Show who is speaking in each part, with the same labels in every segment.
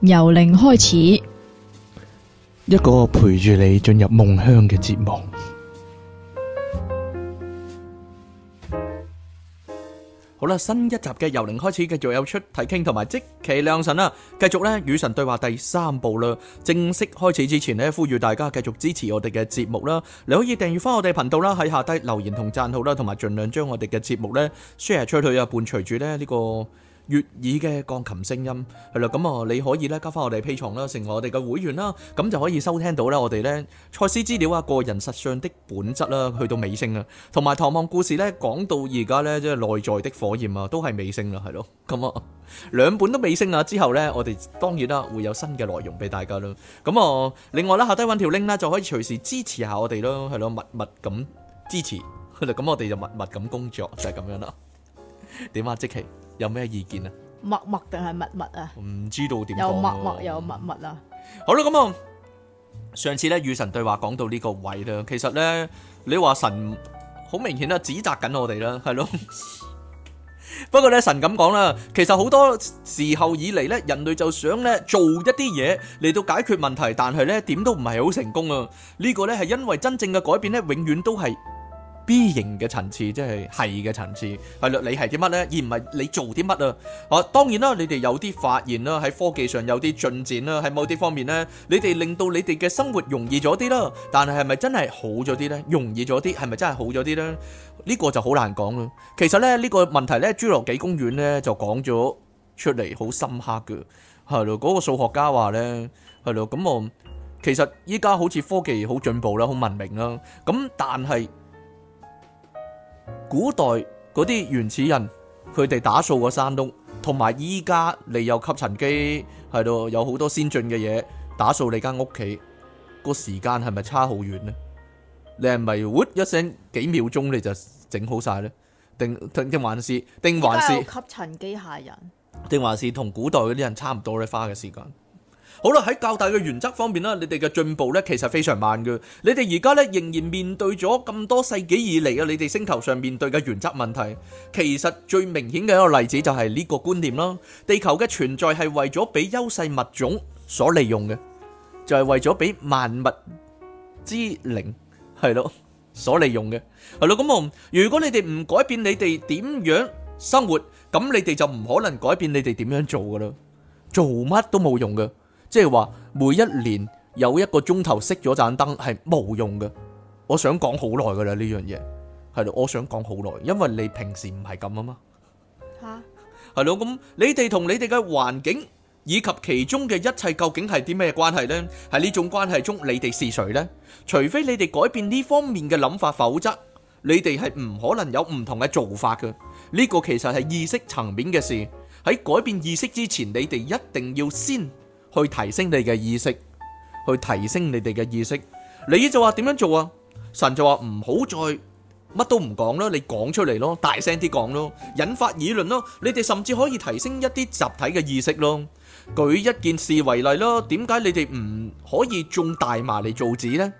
Speaker 1: 由零開始，一
Speaker 2: 個陪住你進入夢鄉嘅節目。好啦，新一集嘅由零開始，繼續有出題傾同埋即其亮神啦，繼續呢，與神對話第三部啦。正式開始之前呢，呼籲大家繼續支持我哋嘅節目啦。你可以訂閱翻我哋頻道啦，喺下低留言同贊好啦，同埋盡量將我哋嘅節目呢 share 出去啊，伴隨住呢呢個。悅耳嘅鋼琴聲音係啦，咁啊，你可以咧加翻我哋 P 床啦，成為我哋嘅會員啦，咁就可以收聽到啦。我哋咧賽事資料啊，個人實相的本質啦，去到尾聲啦，同埋《唐望故事》咧，講到而家咧，即係內在的火焰啊，都係尾聲啦，係咯，咁啊，兩本都尾聲啦，之後咧，我哋當然啦，會有新嘅內容俾大家咯。咁啊，另外咧，下低搵條 link 啦，就可以隨時支持下我哋咯，係咯，默默咁支持，係啦，咁我哋就默默咁工作，就係咁樣啦。點啊，即期？有咩意見啊？
Speaker 1: 默默定係密密
Speaker 2: 啊？唔知道點講。又默默又密密啊！好啦，咁啊，上次咧與神對話講到呢個位啦，其實咧你話神好明顯啊，指責緊我哋啦，係咯。不過咧神咁講啦，其實好多時候以嚟咧，人類就想咧做一啲嘢嚟到解決問題，但係咧點都唔係好成功啊。呢個咧係因為真正嘅改變咧，永遠都係。B 型嘅層次，即係係嘅層次，係咯，你係啲乜呢？而唔係你做啲乜啊？哦，當然啦，你哋有啲發現啦，喺科技上有啲進展啦，喺某啲方面呢，你哋令到你哋嘅生活容易咗啲啦。但係係咪真係好咗啲呢？容易咗啲係咪真係好咗啲呢？呢個就好難講啦。其實咧，呢個問題呢，侏羅紀公園呢就講咗出嚟，好深刻嘅係咯。嗰個數學家話呢係咯，咁我其實依家好似科技好進步啦，好文明啦。咁但係，古代嗰啲原始人，佢哋打掃個山洞，同埋依家你有吸塵機，系度有好多先進嘅嘢打掃你間屋企，個時間係咪差好遠呢？你係咪郁一聲幾秒鐘你就整好曬呢？定定還是定還是吸
Speaker 1: 塵機械人？
Speaker 2: 定還是同古代嗰啲人差唔多咧？花嘅時間。好啦，喺較大嘅原則方面啦，你哋嘅進步咧，其實非常慢嘅。你哋而家咧，仍然面對咗咁多世紀以嚟啊，你哋星球上面對嘅原則問題，其實最明顯嘅一個例子就係呢個觀念啦。地球嘅存在係為咗俾優勢物種所利用嘅，就係為咗俾萬物之靈係咯所利用嘅。係咯，咁如果你哋唔改變你哋點樣生活，咁你哋就唔可能改變你哋點樣做噶啦，做乜都冇用嘅。即係話每一年有一個鐘頭熄咗盞燈係冇用嘅。我想講好耐噶啦呢樣嘢，係咯，我想講好耐，因為你平時唔係咁啊嘛，吓，係咯，咁你哋同你哋嘅環境以及其中嘅一切究竟係啲咩關係呢？喺呢種關係中，你哋是誰呢？除非你哋改變呢方面嘅諗法，否則你哋係唔可能有唔同嘅做法嘅。呢個其實係意識層面嘅事，喺改變意識之前，你哋一定要先。去提升你嘅意識，去提升你哋嘅意識。你就話點樣做啊？神就話唔好再乜都唔講咯，你講出嚟咯，大聲啲講咯，引發議論咯。你哋甚至可以提升一啲集體嘅意識咯。舉一件事為例咯，點解你哋唔可以種大麻嚟造紙呢？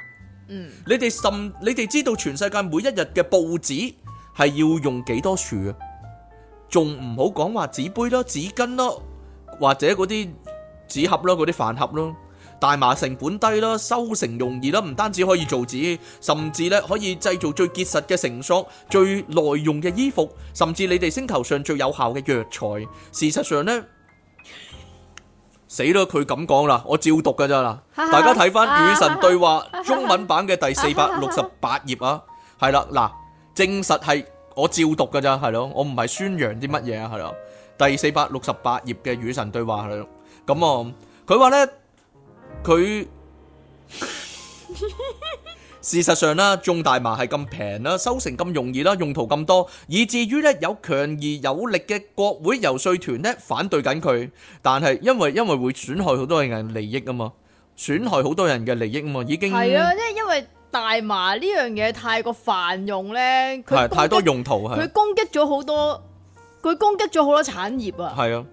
Speaker 2: 嗯，你哋甚，你哋知道全世界每一日嘅報紙係要用幾多樹啊？仲唔好講話紙杯咯、紙巾咯，或者嗰啲。紙盒咯，嗰啲飯盒咯，大麻成本低咯，收成容易咯，唔單止可以做紙，甚至咧可以製造最結實嘅繩索、最耐用嘅衣服，甚至你哋星球上最有效嘅藥材。事實上呢，死啦！佢咁講啦，我照讀㗎咋嗱，大家睇返《與神對話》 中文版嘅第四百六十八頁啊，係啦嗱，證實係我照讀㗎咋，係咯，我唔係宣揚啲乜嘢啊，係咯，第四百六十八頁嘅《與神對話》係咯。咁啊！佢話咧，佢事實上啦，種大麻係咁平啦，收成咁容易啦，用途咁多，以至於咧有強而有力嘅國會遊說團咧反對緊佢。但係因為因為會損害好多人嘅利益啊嘛，損害好多人嘅利益啊嘛，已經係啊，即係
Speaker 1: 因為大麻呢樣嘢太過泛用咧，係太多用途係，佢攻擊咗好多，佢攻擊咗好多產業啊，
Speaker 2: 係啊。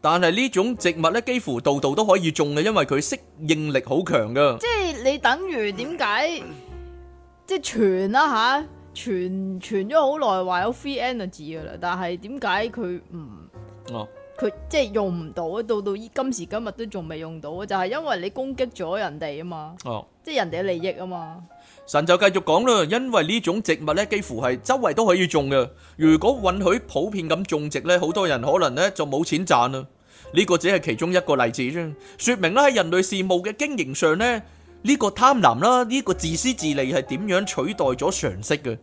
Speaker 2: 但係呢種植物咧，幾乎度度都可以種嘅，因為佢適應力好強噶。即
Speaker 1: 係你等於點解？ 即係傳啦吓，傳傳咗好耐，話有 free energy 噶啦。但係點解佢唔？哦，佢即係用唔到啊！到到今時今日都仲未用到啊！就係因為你攻擊咗人哋啊嘛。哦，即係人哋嘅利益啊嘛。
Speaker 2: 神就繼續講啦，因為呢種植物咧，幾乎係周圍都可以種嘅。如果允許普遍咁種植咧，好多人可能咧就冇錢賺啦。呢個只係其中一個例子啫，說明啦喺人類事務嘅經營上呢，呢個貪婪啦，呢個自私自利係點樣取代咗常識嘅。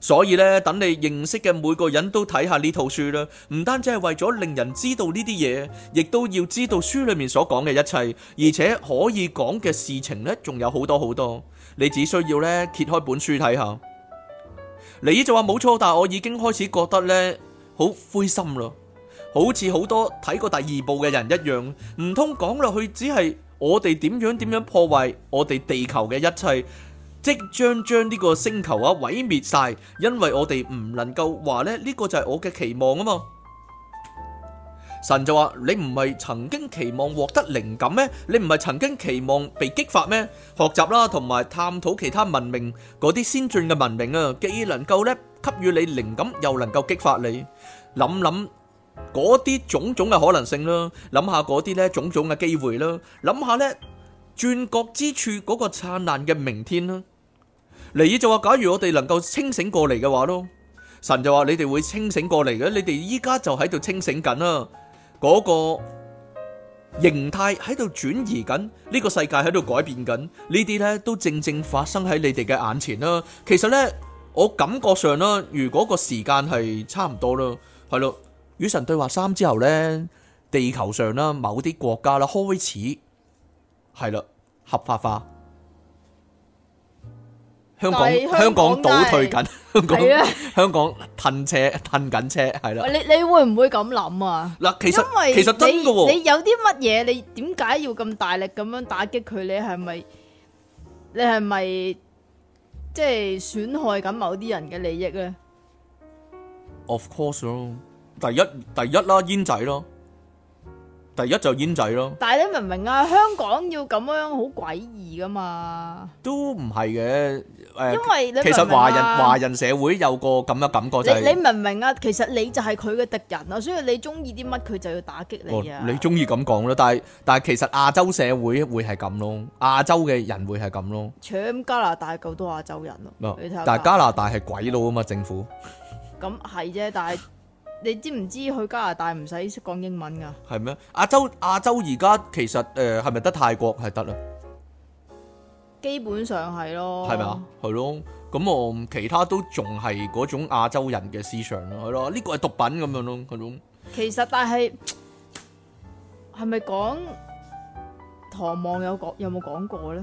Speaker 2: 所以咧，等你認識嘅每個人都睇下呢套書啦。唔單止係為咗令人知道呢啲嘢，亦都要知道書裏面所講嘅一切，而且可以講嘅事情咧，仲有好多好多。你只需要咧揭開本書睇下，你就話冇錯，但我已經開始覺得咧好灰心咯，好似好多睇過第二部嘅人一樣，唔通講落去只係我哋點樣點樣破壞我哋地球嘅一切，即將將呢個星球啊毀滅晒，因為我哋唔能夠話咧呢，呢個就係我嘅期望啊嘛。神就話：你唔係曾經期望獲得靈感咩？你唔係曾經期望被激發咩？學習啦，同埋探討其他文明嗰啲先進嘅文明啊，既能夠咧給予你靈感，又能夠激發你諗諗嗰啲種種嘅可能性啦，諗下嗰啲咧種種嘅機會啦，諗下咧轉角之處嗰個燦爛嘅明天啦。尼爾就話：假如我哋能夠清醒過嚟嘅話咯，神就話：你哋會清醒過嚟嘅，你哋依家就喺度清醒緊啊！嗰個形態喺度轉移緊，呢個世界喺度改變緊，呢啲呢都正正發生喺你哋嘅眼前啦。其實呢，我感覺上啦，如果個時間係差唔多啦，係咯，與神對話三之後呢，地球上啦某啲國家啦開始係啦合法化。香港香港倒退緊，香港褪車褪緊車，係啦。你
Speaker 1: 你會唔會咁諗啊？
Speaker 2: 嗱，其實因為其實真噶喎。你
Speaker 1: 有啲乜嘢？你點解要咁大力咁樣打擊佢？你係咪？你係咪？即係損害緊某啲人嘅利益咧
Speaker 2: ？Of course 咯，第一第一啦，煙仔咯。第一就煙仔咯，
Speaker 1: 但係你明唔明啊？香港要咁樣好詭異噶嘛？
Speaker 2: 都唔係嘅，誒，因為其實華人華人社會有個咁嘅感覺，就係你
Speaker 1: 明唔明啊？其實你就係佢嘅敵人啊，所以你中意啲乜佢就要打擊你啊！你
Speaker 2: 中意咁講咯，但係但係其實亞洲社會會係咁咯，亞洲嘅人會係咁咯，
Speaker 1: 搶加拿大夠多亞洲人咯，但係加
Speaker 2: 拿大係鬼佬啊嘛政府，
Speaker 1: 咁係啫，但係。你知唔知去加拿大唔使識講英文噶？
Speaker 2: 係咩？亞洲亞洲而家其實誒係咪得泰國係得啦？
Speaker 1: 基本上係咯。係咪啊？
Speaker 2: 係咯。咁、嗯、我其他都仲係嗰種亞洲人嘅思想咯，係咯。呢個係毒品咁樣咯，嗰種。
Speaker 1: 其實但係係咪講唐望有講有冇講過咧？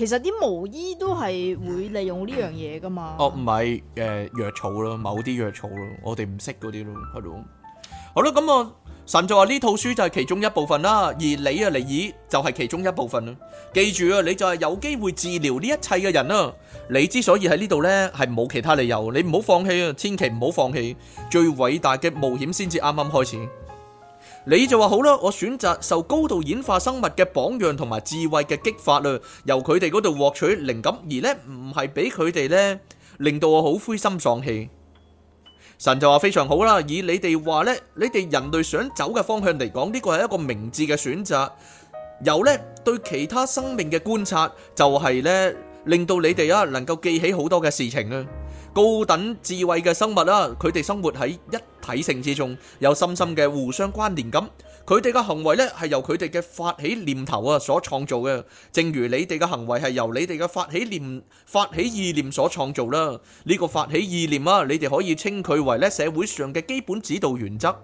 Speaker 1: 其實啲巫醫都係會利用呢樣嘢噶嘛。哦，
Speaker 2: 唔係，誒、呃，藥草咯，某啲藥草咯，我哋唔識嗰啲咯，係咯。 好啦，咁、嗯、我神就話呢套書就係其中一部分啦。而你啊，尼爾就係其中一部分啦。記住啊，你就係有機會治療呢一切嘅人啦。你之所以喺呢度呢，係冇其他理由。你唔好放棄啊，千祈唔好放棄。最偉大嘅冒險先至啱啱開始。你就話好啦，我選擇受高度演化生物嘅榜樣同埋智慧嘅激發啦，由佢哋嗰度獲取靈感，而呢唔係俾佢哋呢，令到我好灰心喪氣。神就話非常好啦，以你哋話呢，你哋人類想走嘅方向嚟講，呢個係一個明智嘅選擇。由呢對其他生命嘅觀察，就係呢令到你哋啊能夠記起好多嘅事情啊。高等智慧嘅生物啦，佢哋生活喺一體性之中，有深深嘅互相關聯感。咁佢哋嘅行為咧係由佢哋嘅發起念頭啊所創造嘅，正如你哋嘅行為係由你哋嘅發起念發起意念所創造啦。呢個發起意念啊，你哋可以稱佢為咧社會上嘅基本指導原則。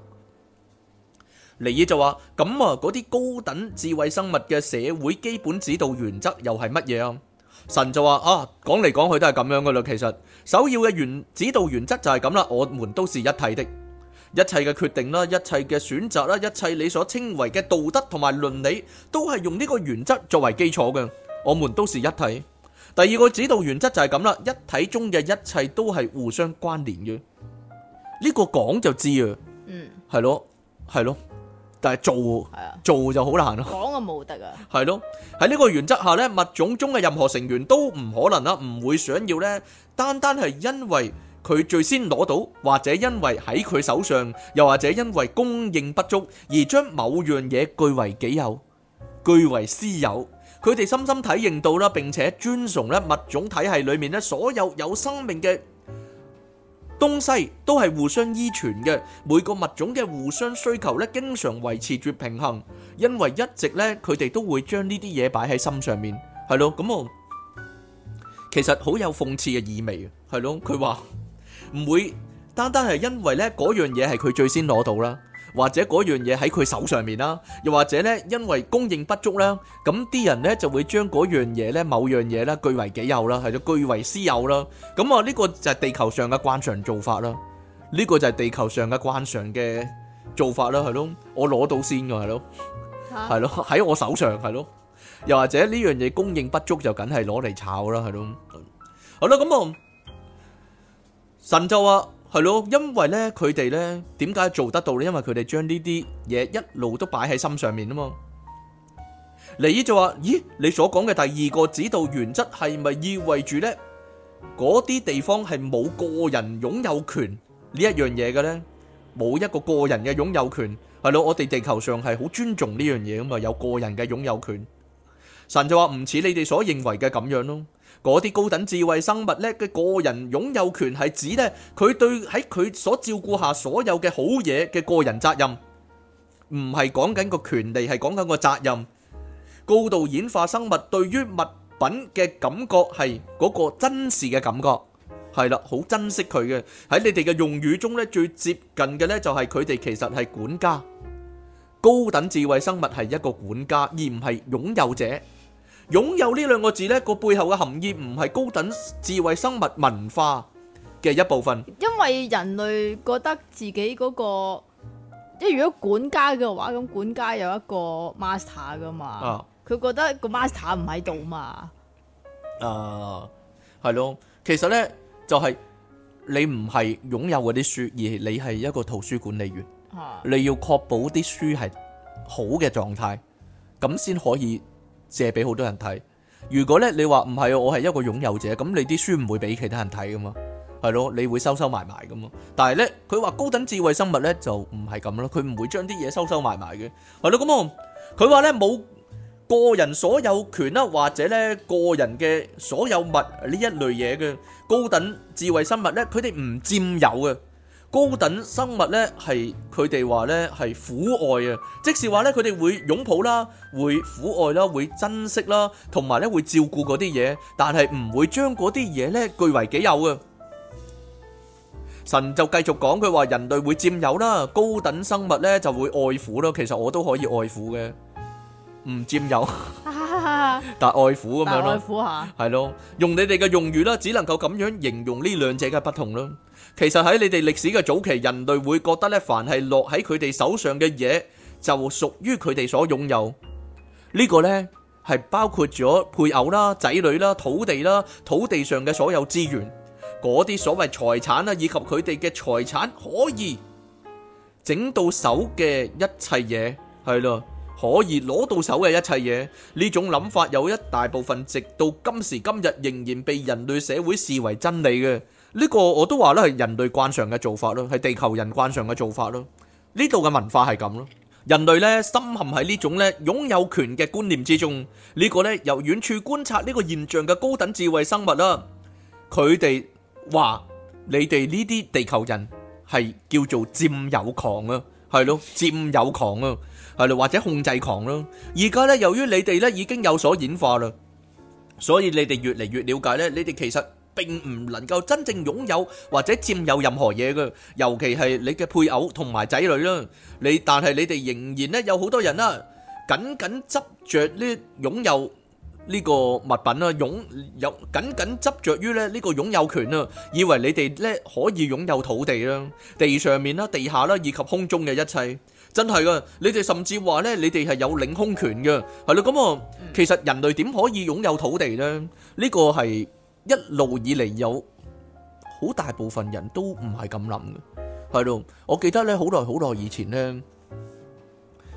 Speaker 2: 尼爾就話咁啊，嗰啲高等智慧生物嘅社會基本指導原則又係乜嘢啊？神就話啊，講嚟講去都係咁樣噶啦，其實。首要嘅原指導原則就係咁啦，我們都是一體的，一切嘅決定啦，一切嘅選擇啦，一切你所稱為嘅道德同埋倫理，都係用呢個原則作為基礎嘅。我們都是一體。第二個指導原則就係咁啦，一體中嘅一切都係互相關聯嘅。呢個講就知啊，嗯，係咯，係咯，但係做係啊，做就好難咯。
Speaker 1: 講就冇得噶，
Speaker 2: 係咯，喺呢個原則下咧，物種中嘅任何成員都唔可能啦，唔會想要咧。單單係因為佢最先攞到，或者因為喺佢手上，又或者因為供應不足而將某樣嘢據為己有、據為私有，佢哋深深體認到啦，並且尊崇咧物種體係裏面咧所有有生命嘅東西都係互相依存嘅，每個物種嘅互相需求咧經常維持住平衡，因為一直咧佢哋都會將呢啲嘢擺喺心上面，係咯咁我。其實好有諷刺嘅意味嘅，係咯，佢話唔會單單係因為呢嗰樣嘢係佢最先攞到啦，或者嗰樣嘢喺佢手上面啦，又或者呢因為供應不足啦，咁啲人呢就會將嗰樣嘢呢某樣嘢呢據為己有啦，係咗據為私有啦。咁啊呢個就係地球上嘅慣常做法啦，呢個就係地球上嘅慣常嘅做法啦，係咯，我攞到先㗎係咯，係咯喺我手上係咯。又或者呢樣嘢供應不足，就梗係攞嚟炒啦，係咯。好啦，咁啊，神就話係咯，因為咧佢哋咧點解做得到咧？因為佢哋將呢啲嘢一路都擺喺心上面啊嘛。尼依就話：咦，你所講嘅第二個指導原則係咪意味住咧嗰啲地方係冇個人擁有權呢一樣嘢嘅咧？冇一個個人嘅擁有權係咯，我哋地球上係好尊重呢樣嘢咁啊嘛，有個人嘅擁有權。神就話唔似你哋所認為嘅咁樣咯，嗰啲高等智慧生物呢，嘅個人擁有權係指呢佢對喺佢所照顧下所有嘅好嘢嘅個人責任，唔係講緊個權利，係講緊個責任。高度演化生物對於物品嘅感覺係嗰個真實嘅感覺，係啦，好珍惜佢嘅。喺你哋嘅用語中呢，最接近嘅呢就係佢哋其實係管家，高等智慧生物係一個管家而唔係擁有者。擁有呢兩個字呢個背後嘅含義唔係高等智慧生物文化嘅一部分。
Speaker 1: 因為人類覺得自己嗰、那個，即如果管家嘅話，咁管家有一個 master 噶嘛，佢、啊、覺得個 master 唔喺度嘛。
Speaker 2: 啊，係咯，其實呢就係、是、你唔係擁有嗰啲書，而你係一個圖書管理員。啊、你要確保啲書係好嘅狀態，咁先可以。借俾好多人睇。如果咧你話唔係我係一個擁有者，咁你啲書唔會俾其他人睇噶嘛？係咯，你會收收埋埋噶嘛？但係咧佢話高等智慧生物咧就唔係咁咯，佢唔會將啲嘢收收埋埋嘅。係咯，咁啊佢話咧冇個人所有權啦，或者咧個人嘅所有物呢一類嘢嘅高等智慧生物咧，佢哋唔佔有嘅。高等生物咧，係佢哋話咧係撫愛啊，即是話咧佢哋會擁抱啦，會撫愛啦，會珍惜啦，同埋咧會照顧嗰啲嘢，但係唔會將嗰啲嘢咧據為己有啊。神就繼續講佢話人類會佔有啦，高等生物咧就會愛撫啦。其實我都可以愛撫嘅，唔佔有，但係愛撫咁樣咯，愛撫吓，係咯，用你哋嘅用語啦，只能夠咁樣形容呢兩者嘅不同啦。其實喺你哋歷史嘅早期，人類會覺得咧，凡係落喺佢哋手上嘅嘢，就屬於佢哋所擁有。呢個呢，係包括咗配偶啦、仔女啦、土地啦、土地上嘅所有資源，嗰啲所謂財產啦，以及佢哋嘅財產可以整到手嘅一切嘢，係咯，可以攞到手嘅一切嘢。呢種諗法有一大部分直到今時今日仍然被人類社會視為真理嘅。呢個我都話咧，係人類慣常嘅做法咯，係地球人慣常嘅做法咯。呢度嘅文化係咁咯。人類咧深陷喺呢種咧擁有權嘅觀念之中。呢個咧由遠處觀察呢個現象嘅高等智慧生物啦，佢哋話：你哋呢啲地球人係叫做佔有狂啊，係咯，佔有狂啊，係咯，或者控制狂咯。而家咧，由於你哋咧已經有所演化啦，所以你哋越嚟越了解咧，你哋其實，並唔能夠真正擁有或者佔有任何嘢嘅，尤其係你嘅配偶同埋仔女啦。你但係你哋仍然咧有好多人啦，緊緊執著呢擁有呢個物品啦，擁有緊緊執著於咧呢個擁有權啊，以為你哋咧可以擁有土地啦，地上面啦、地下啦以及空中嘅一切，真係噶。你哋甚至話咧，你哋係有領空權嘅，係咯咁啊。其實人類點可以擁有土地呢？呢個係。一路以嚟有好大部分人都唔係咁諗嘅，係咯。我記得咧好耐好耐以前咧，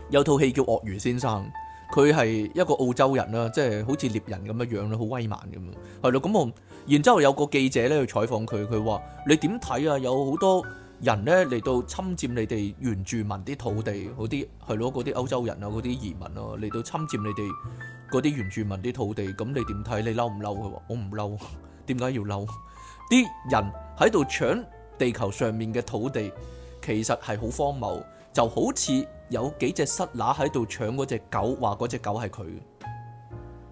Speaker 2: 有套戲叫《鱷魚先生》，佢係一個澳洲人啦，即係好似獵人咁樣樣啦，好威猛咁樣。係咯，咁我然之後有個記者咧去採訪佢，佢話：你點睇啊？有好多。人呢嚟到侵佔你哋原住民啲土地，嗰啲係囉，嗰啲歐洲人啊，嗰啲移民啊，嚟到侵佔你哋嗰啲原住民啲土地，咁你點睇？你嬲唔嬲佢？我唔嬲，點解要嬲？啲人喺度搶地球上面嘅土地，其實係好荒謬，就好似有幾隻塞乸喺度搶嗰隻狗，話嗰隻狗係佢。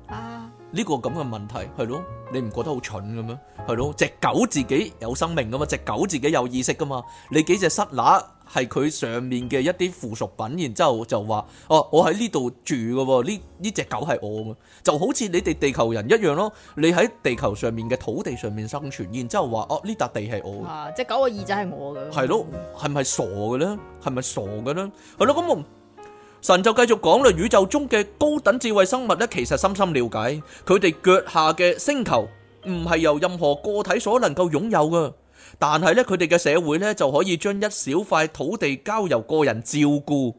Speaker 2: 啊！呢個咁嘅問題係咯，你唔覺得好蠢嘅咩？係咯，隻狗自己有生命噶嘛，隻狗自己有意識噶嘛。你幾隻虱乸係佢上面嘅一啲附屬品，然之後就話：哦、啊，我喺呢度住嘅喎，呢呢隻狗係我嘅，就好似你哋地球人一樣咯。你喺地球上面嘅土地上面生存，然之後話：哦，呢笪地係我。啊！啊
Speaker 1: 隻狗嘅耳仔係我嘅。係咯，
Speaker 2: 係咪傻嘅咧？係咪傻嘅咧？係咯，咁冇。神就繼續講啦，宇宙中嘅高等智慧生物咧，其實深深了解佢哋腳下嘅星球唔係由任何個體所能夠擁有噶，但係咧佢哋嘅社會咧就可以將一小塊土地交由個人照顧。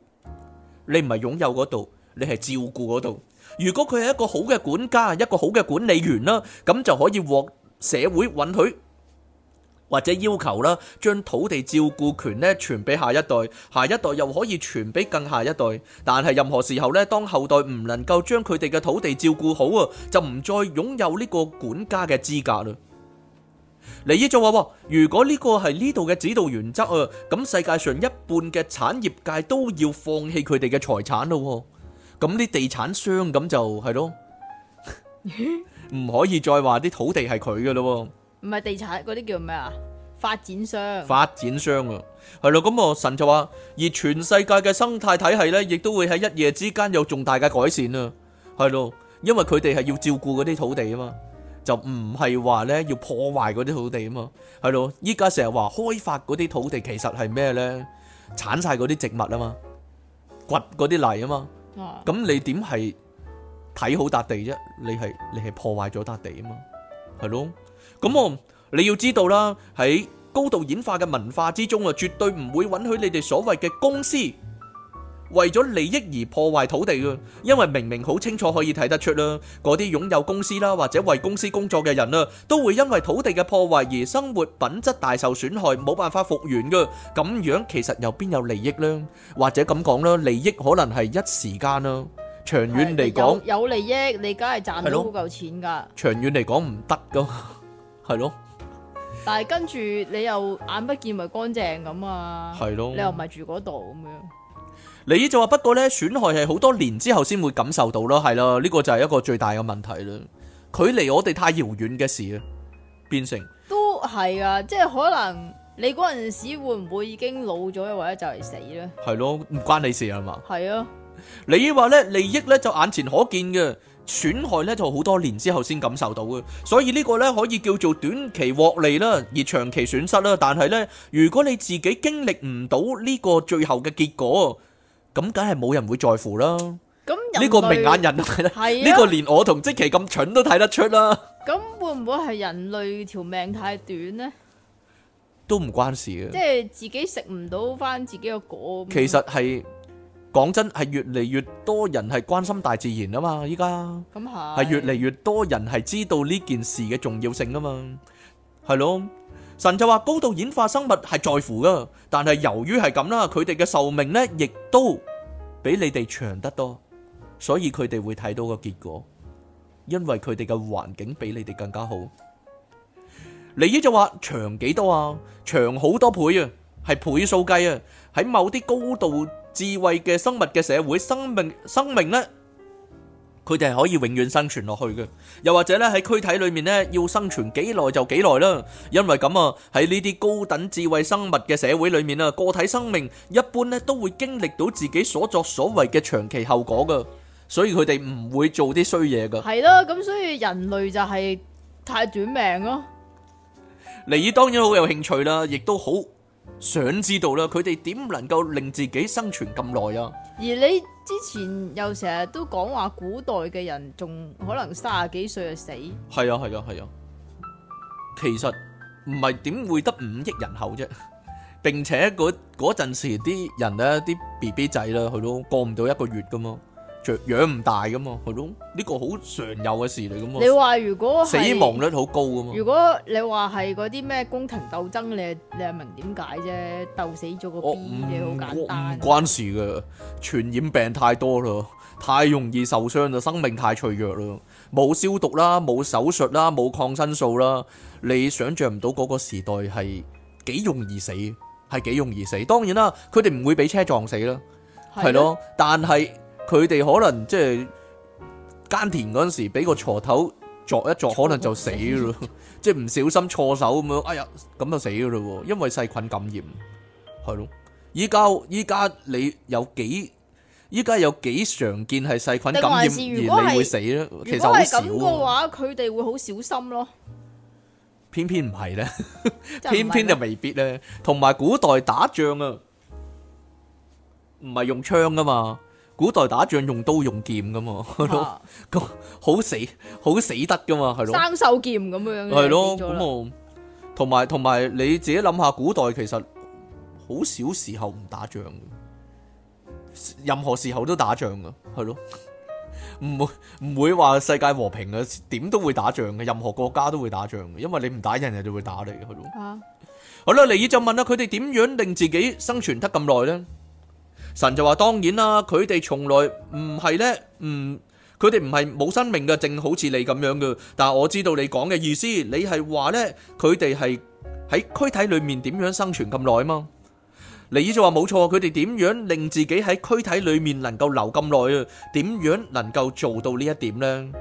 Speaker 2: 你唔係擁有嗰度，你係照顧嗰度。如果佢係一個好嘅管家，一個好嘅管理員啦，咁就可以獲社會允許。或者要求啦，將土地照顧權呢傳俾下一代，下一代又可以傳俾更下一代。但係任何時候呢，當後代唔能夠將佢哋嘅土地照顧好啊，就唔再擁有呢個管家嘅資格啦。李易就話：如果呢個係呢度嘅指導原則啊，咁世界上一半嘅產業界都要放棄佢哋嘅財產咯。咁啲地產商咁就係咯，唔可以再話啲土地係佢嘅咯。
Speaker 1: 唔係地產嗰啲叫咩啊？發展商發
Speaker 2: 展商啊，係咯。咁啊神就話，而全世界嘅生態體系咧，亦都會喺一夜之間有重大嘅改善啊。係咯，因為佢哋係要照顧嗰啲土地啊嘛，就唔係話咧要破壞嗰啲土地啊嘛。係咯，依家成日話開發嗰啲土地，其實係咩咧？鏟晒嗰啲植物啊嘛，掘嗰啲泥啊嘛。咁、啊、你點係睇好笪地啫？你係你係破壞咗笪地啊嘛？係咯。咁我你要知道啦，喺高度演化嘅文化之中啊，絕對唔會允許你哋所謂嘅公司為咗利益而破壞土地噶，因為明明好清楚可以睇得出啦，嗰啲擁有公司啦，或者為公司工作嘅人啊，都會因為土地嘅破壞而生活品質大受損害，冇辦法復原噶。咁樣其實又邊有利益呢？或者咁講啦，利益可能係一時間啦，長遠嚟講
Speaker 1: 有利益，你梗係賺到好夠錢噶。
Speaker 2: 長遠嚟講唔得噶。係咯，
Speaker 1: 但係跟住你又眼不見咪乾淨咁啊？係咯，你又唔係住嗰度咁樣。
Speaker 2: 李姨就話：不過咧損害係好多年之後先會感受到啦，係啦，呢個就係一個最大嘅問題啦。佢離我哋太遙遠嘅事，變成
Speaker 1: 都係啊，即係可能你嗰陣時會唔會已經老咗，或者就係死咧？
Speaker 2: 係咯，唔關你事啊嘛。係啊，李姨話咧，利益咧就眼前可見嘅。損害呢就好多年之後先感受到嘅，所以呢個呢可以叫做短期獲利啦，而長期損失啦。但係呢，如果你自己經歷唔到呢個最後嘅結果，咁梗係冇人會在乎啦。咁呢個明眼人啦，
Speaker 1: 呢個連
Speaker 2: 我同即琪咁蠢都睇得出啦。
Speaker 1: 咁會唔會係人類條命太短呢？
Speaker 2: 都唔關事嘅。
Speaker 1: 即係自己食唔到翻自己個果。其實
Speaker 2: 係。講真，係越嚟越多人係關心大自然啊嘛！依家係越嚟越多人係知道呢件事嘅重要性啊嘛，係咯。神就話高度演化生物係在乎噶但係由於係咁啦，佢哋嘅壽命呢亦都比你哋長得多，所以佢哋會睇到個結果，因為佢哋嘅環境比你哋更加好。尼依就話長幾多啊？長好多倍啊，係倍數計啊！喺某啲高度。智慧嘅生物嘅社會，生命生命咧，佢哋係可以永遠生存落去嘅。又或者咧喺軀體裏面咧，要生存幾耐就幾耐啦。因為咁啊，喺呢啲高等智慧生物嘅社會裏面啊，個體生命一般咧都會經歷到自己所作所為嘅長期後果噶。所以佢哋唔會做啲衰嘢噶。
Speaker 1: 係咯，咁所以人類就係太短命咯。
Speaker 2: 尼爾當然好有興趣啦，亦都好想知道啦，佢哋點能夠令自己生存咁耐啊？
Speaker 1: 而你之前又成日都講話古代嘅人仲可能三十幾歲就死，
Speaker 2: 係啊係啊係啊。其實唔係點會得五億人口啫，並且嗰嗰陣時啲人咧啲 BB 仔啦，佢都過唔到一個月噶嘛。養唔大噶嘛，係咯？呢個好常有嘅事嚟噶嘛。你話如
Speaker 1: 果死亡率
Speaker 2: 好高噶嘛？如果
Speaker 1: 你話係嗰啲咩宮廷鬥爭，你你明點解啫？鬥死咗個 B，你好簡單。唔關
Speaker 2: 事噶，傳染病太多啦，太容易受傷啦，生命太脆弱啦，冇消毒啦，冇手術啦，冇抗生素啦，你想象唔到嗰個時代係幾容易死，係幾容易死。當然啦，佢哋唔會俾車撞死啦，係咯，但係。佢哋可能即係耕田嗰陣時，俾個鋤頭鑿一鑿，可能就死咯。 即係唔小心錯手咁樣，哎呀，咁就死噶咯。因為細菌感染，係咯。依家依家你有幾？依家有幾常見係細菌感染而你會死咧？其實好少喎，咁嘅話，
Speaker 1: 佢哋會好小心咯。
Speaker 2: 偏偏唔係咧，
Speaker 1: 偏偏就
Speaker 2: 未必咧。同埋古代打仗啊，唔係用槍噶嘛。古代打仗用刀用劍噶嘛，係咯咁好死好死得噶嘛，係咯。生
Speaker 1: 銹劍咁樣嘅。係咯，咁
Speaker 2: 啊，同埋同埋你自己諗下，古代其實好少時候唔打仗嘅，任何時候都打仗噶，係咯。唔 會唔會話世界和平嘅，點都會打仗嘅，任何國家都會打仗嘅，因為你唔打人，人哋會打你嘅，係
Speaker 1: 咯。
Speaker 2: 啊、好啦，尼爾就問啦，佢哋點樣令自己生存得咁耐咧？神就話，當然啦，佢哋從來唔係咧，唔，佢哋唔係冇生命嘅，正好似你咁樣㗎。但係我知道你講嘅意思，你係話咧，佢哋係喺軀體裏面點樣生存咁耐嘛？你就話冇錯，佢哋點樣令自己喺軀體裏面能夠留咁耐啊？點樣能夠做到呢一點咧？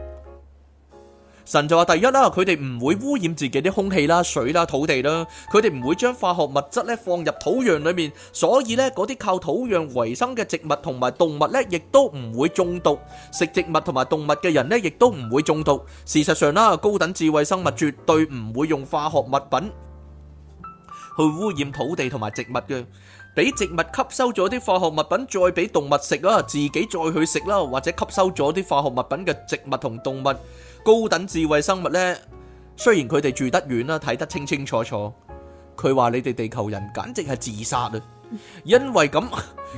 Speaker 2: 神就話：第一啦，佢哋唔會污染自己啲空氣啦、水啦、土地啦，佢哋唔會將化學物質咧放入土壤裏面，所以咧嗰啲靠土壤維生嘅植物同埋動物咧，亦都唔會中毒；食植物同埋動物嘅人咧，亦都唔會中毒。事實上啦，高等智慧生物絕對唔會用化學物品去污染土地同埋植物嘅，俾植物吸收咗啲化學物品，再俾動物食啦，自己再去食啦，或者吸收咗啲化學物品嘅植物同動物。高等智慧生物呢，雖然佢哋住得遠啦，睇得清清楚楚，佢話你哋地球人簡直係自殺啊！因為咁，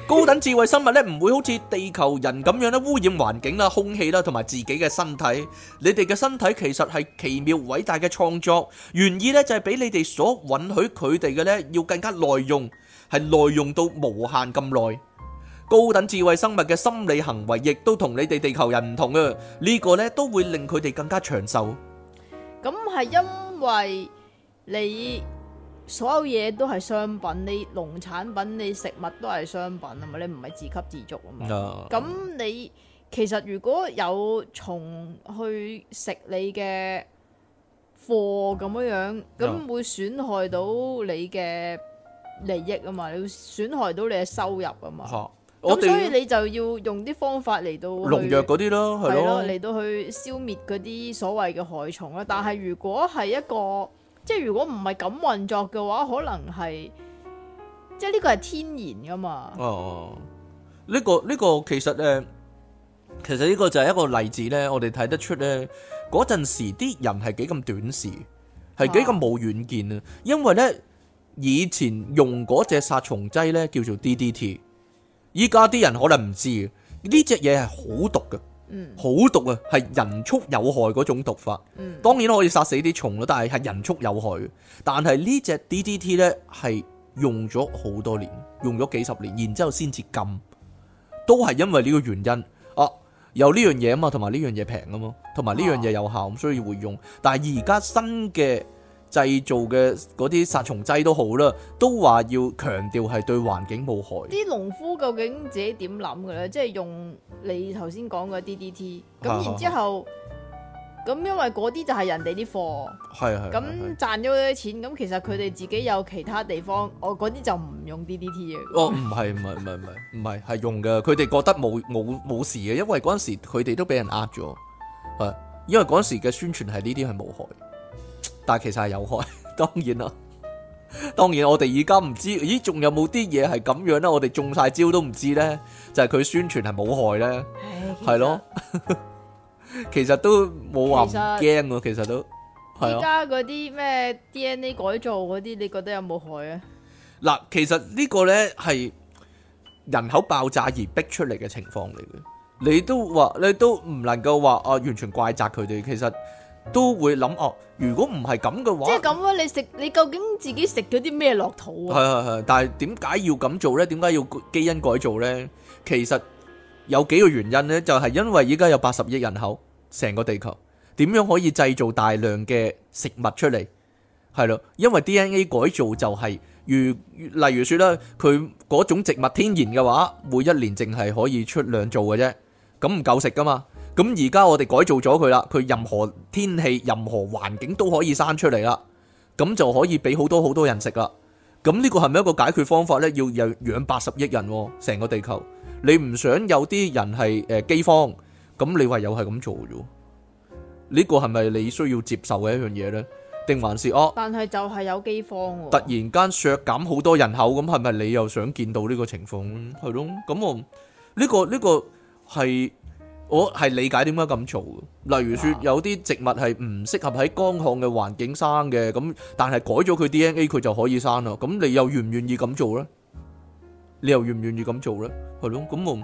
Speaker 2: 高等智慧生物呢唔會好似地球人咁樣咧污染環境啦、空氣啦，同埋自己嘅身體。你哋嘅身體其實係奇妙偉大嘅創作，原意呢就係俾你哋所允許佢哋嘅呢要更加耐用，係耐用到無限咁耐。高等智慧生物嘅心理行為亦都同你哋地球人唔同啊！呢個呢都會令佢哋更加長壽。
Speaker 1: 咁係因為你所有嘢都係商品，你農產品、你食物都係商品啊嘛？你唔係自給自足啊嘛？咁你其實如果有蟲去食你嘅貨咁樣樣，咁會損害到你嘅利益啊嘛？你會損害到你嘅收入啊嘛？咁所以你就要用啲方法嚟到農藥嗰啲
Speaker 2: 咯，係咯，嚟
Speaker 1: 到去消滅嗰啲所謂嘅害蟲啊。但係如果係一個即係如果唔係咁運作嘅話，可能係即係呢個係天然噶嘛。
Speaker 2: 哦，呢個呢個其實咧，其實呢個就係一個例子咧。我哋睇得出咧，嗰陣時啲人係幾咁短視，係幾咁冇遠見啊。因為咧，以前用嗰隻殺蟲劑咧叫做 D D T。依家啲人可能唔知，呢隻嘢係好毒嘅，嗯，好毒啊，係人畜有害嗰種毒法，嗯，當然可以殺死啲蟲咯，但係係人畜有害。但係呢隻 DDT 呢，係用咗好多年，用咗幾十年，然之後先至禁，都係因為呢個原因，哦、啊，有呢樣嘢啊嘛，同埋呢樣嘢平啊嘛，同埋呢樣嘢有效咁，所以會用。但係而家新嘅。製造嘅嗰啲殺蟲劑都好啦，都話要強調係對環境冇害。
Speaker 1: 啲農夫究竟自己點諗嘅咧？即係用你頭先講嘅 DDT，咁然之後咁，嗯嗯嗯、因為嗰啲就係人哋啲貨，係係咁賺咗啲錢。咁其實佢哋自己有其他地方，我嗰啲就唔用 DDT 嘅。哦，唔
Speaker 2: 係唔係唔係唔係，係 用嘅。佢哋覺得冇冇冇事嘅，因為嗰陣時佢哋都俾人呃咗啊。因為嗰陣時嘅宣傳係呢啲係冇害。但係其實係有害，當然啦，當然我哋而家唔知，咦仲有冇啲嘢係咁樣咧？我哋中晒招都唔知咧，就係佢宣傳係冇害咧，
Speaker 1: 係咯，
Speaker 2: 其實都冇話唔驚嘅，其實都。
Speaker 1: 而家嗰啲咩 DNA 改造嗰啲，你覺得有冇害啊？
Speaker 2: 嗱，其實呢個咧係人口爆炸而逼出嚟嘅情況嚟嘅，你都話你都唔能夠話啊完全怪責佢哋，其實。都會諗哦，如果唔係咁嘅話，即係咁
Speaker 1: 啊！你食你究竟自己食咗啲咩落肚啊？係係
Speaker 2: 係，但係點解要咁做咧？點解要基因改造咧？其實有幾個原因咧，就係因為而家有八十億人口，成個地球點樣可以製造大量嘅食物出嚟？係咯，因為 DNA 改造就係如例如說咧，佢嗰種植物天然嘅話，每一年淨係可以出兩造嘅啫，咁唔夠食噶嘛。咁而家我哋改造咗佢啦，佢任何天氣、任何環境都可以生出嚟啦，咁就可以俾好多好多人食啦。咁呢個係咪一個解決方法呢？要養養八十億人，成個地球，你唔想有啲人係誒饑荒，咁你話又係咁做嘅？呢個係咪你需要接受嘅一樣嘢呢？定還是惡？
Speaker 1: 但係就係有饑荒。突
Speaker 2: 然間削減好多人口，咁係咪你又想見到呢個情況咧？係咯，咁我呢個呢個係。我係理解點解咁做，例如說有啲植物係唔適合喺乾旱嘅環境生嘅，咁但係改咗佢 DNA 佢就可以生咯。咁你又願唔願意咁做咧？你又願唔願意咁做咧？係咯，咁我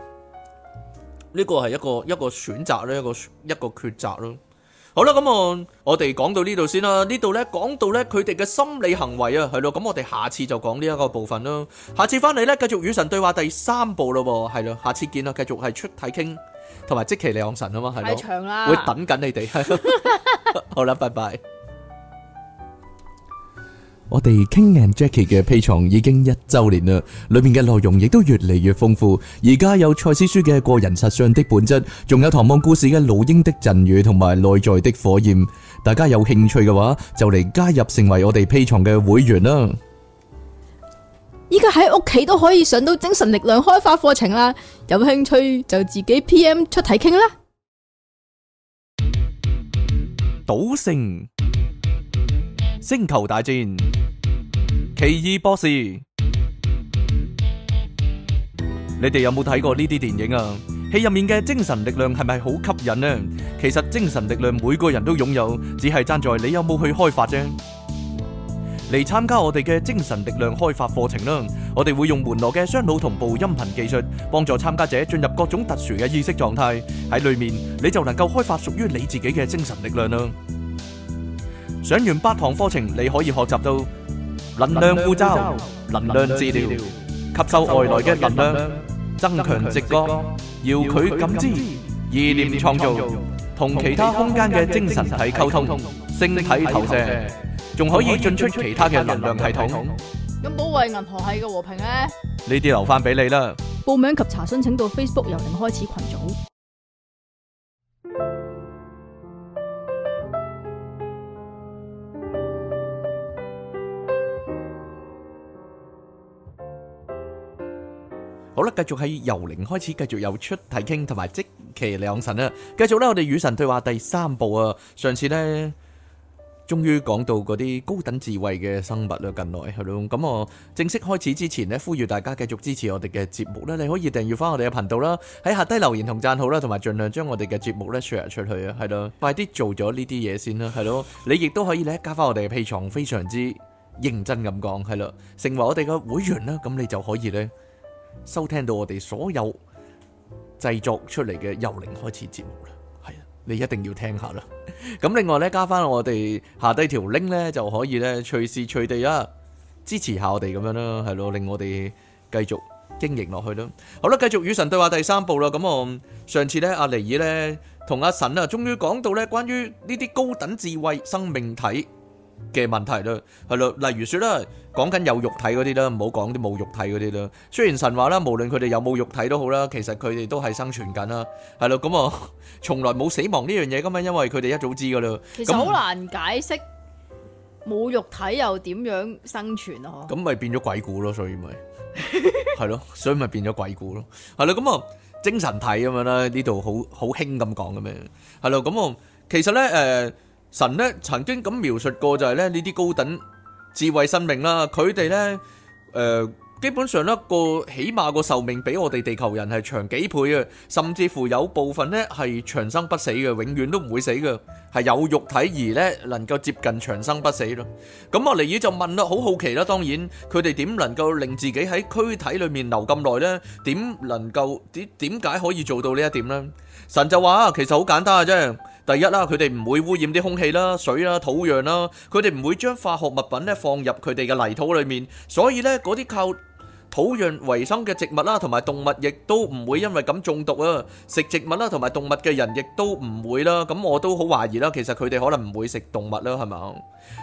Speaker 2: 呢個係一個一個選擇咧，一個一個抉擇咯。好啦，咁我我哋講到呢度先啦。呢度咧講到咧佢哋嘅心理行為啊，係咯。咁我哋下次就講呢一個部分啦。下次翻嚟咧，繼續與神對話第三部啦。係咯，下次見啦，繼續係出體傾。同埋，即其嚟望神啊嘛，係咯，
Speaker 1: 會等
Speaker 2: 緊你哋。 好啦，拜拜。 我哋 King and Jackie 嘅 Patreon 已經一周年啦，裏面嘅內容亦都越嚟越豐富。而家有賽斯書嘅個人實相的本質，仲有唐望故事嘅老鷹的贈語同埋內在的火焰。大家有興趣嘅話，就嚟加入成為我哋 Patreon 嘅會員啦。
Speaker 1: 依家喺屋企都可以上到精神力量開發課程啦，有興趣就自己 PM 出題傾啦。
Speaker 2: 賭聖、星球大戰、奇異博士，你哋有冇睇過呢啲電影啊？戲入面嘅精神力量係咪好吸引呢？其實精神力量每個人都擁有，只係爭在你有冇去開發啫。嚟參加我哋嘅精神力量開發課程啦！我哋會用門羅嘅雙腦同步音頻技術，幫助參加者進入各種特殊嘅意識狀態。喺裏面你就能夠開發屬於你自己嘅精神力量啦！上完八堂課程，你可以學習到能量護罩、能量治療、吸收外來嘅能量、增強直覺、遙距感知、意念創造、同其他空間嘅精神體溝通、星體投射。
Speaker 1: 仲可以進出其他嘅能量系統。咁保衛銀河系嘅和平咧？
Speaker 2: 呢啲留翻俾你啦。
Speaker 1: 報名及查詢請到 Facebook 由零開始群組。
Speaker 2: 好啦，繼續喺由零開始，繼續由出睇傾，同埋即期兩神啦。繼續咧，我哋與神對話第三部啊，上次咧。終於講到嗰啲高等智慧嘅生物啦，近來係咯。咁我正式開始之前咧，呼籲大家繼續支持我哋嘅節目啦。你可以訂閱翻我哋嘅頻道啦，喺下低留言同贊好啦，同埋盡量將我哋嘅節目咧 share 出去啊，係咯，快啲做咗呢啲嘢先啦，係咯。你亦都可以咧加翻我哋嘅屁床，非常之認真咁講，係咯，成為我哋嘅會員啦，咁你就可以咧收聽到我哋所有製作出嚟嘅幽靈開始節目啦。你一定要聽下啦，咁 另外咧加翻我哋下低條 link 咧就可以咧隨時隨地啊支持下我哋咁樣啦，係咯，令我哋繼續經營落去啦。好啦，繼續與神對話第三部啦。咁我上次咧、啊、阿尼爾咧同阿神啊，終於講到咧關於呢啲高等智慧生命體嘅問題咯，係咯，例如説啦，講緊有肉體嗰啲啦，唔好講啲冇肉體嗰啲啦。雖然神話啦，無論佢哋有冇肉體都好啦，其實佢哋都係生存緊啦，係咯，咁啊，從來冇死亡呢樣嘢咁啊，因為佢哋一早知噶啦。其實好
Speaker 1: 難解釋冇肉體又點樣生存咯。咁
Speaker 2: 咪變咗鬼故咯，所以咪係咯，所以咪變咗鬼故咯，係咯，咁啊，精神體咁樣啦，呢度好好興咁講嘅咩？係咯，咁啊，其實咧誒。神呢曾經咁描述過，就係咧呢啲高等智慧生命啦，佢哋咧誒基本上一個起碼個壽命比我哋地球人係長幾倍嘅，甚至乎有部分咧係長生不死嘅，永遠都唔會死嘅，係有肉體而咧能夠接近長生不死咯。第一啦，佢哋唔會污染啲空氣啦、水啦、土壤啦，佢哋唔會將化學物品咧放入佢哋嘅泥土裏面，所以咧嗰啲靠土壤維生嘅植物啦，同埋動物亦都唔會因為咁中毒啊！食植物啦，同埋動物嘅人亦都唔會啦。咁我都好懷疑啦，其實佢哋可能唔會食動物啦，係咪啊？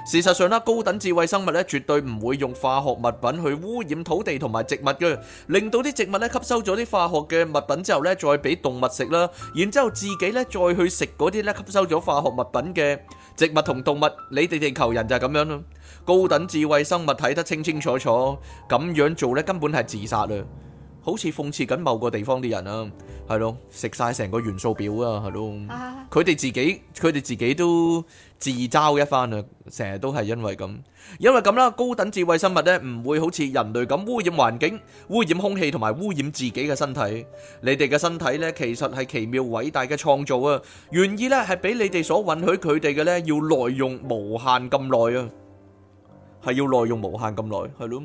Speaker 2: 事實上啦，高等智慧生物咧，絕對唔會用化學物品去污染土地同埋植物嘅，令到啲植物咧吸收咗啲化學嘅物品之後咧，再俾動物食啦，然之後自己咧再去食嗰啲咧吸收咗化學物品嘅植物同動物。你哋地球人就係咁樣啦。高等智慧生物睇得清清楚楚，咁樣做咧根本係自殺啊！好似諷刺緊某個地方嘅人啊，係咯，食晒成個元素表啊，係咯，佢哋自己佢哋自己都自嘲一番啊！成日都係因為咁，因為咁啦。高等智慧生物咧唔會好似人類咁污染環境、污染空氣同埋污染自己嘅身體。你哋嘅身體咧其實係奇妙偉大嘅創造啊！原意咧係俾你哋所允許佢哋嘅咧，要耐用無限咁耐啊！係要耐用無限咁耐，係咯。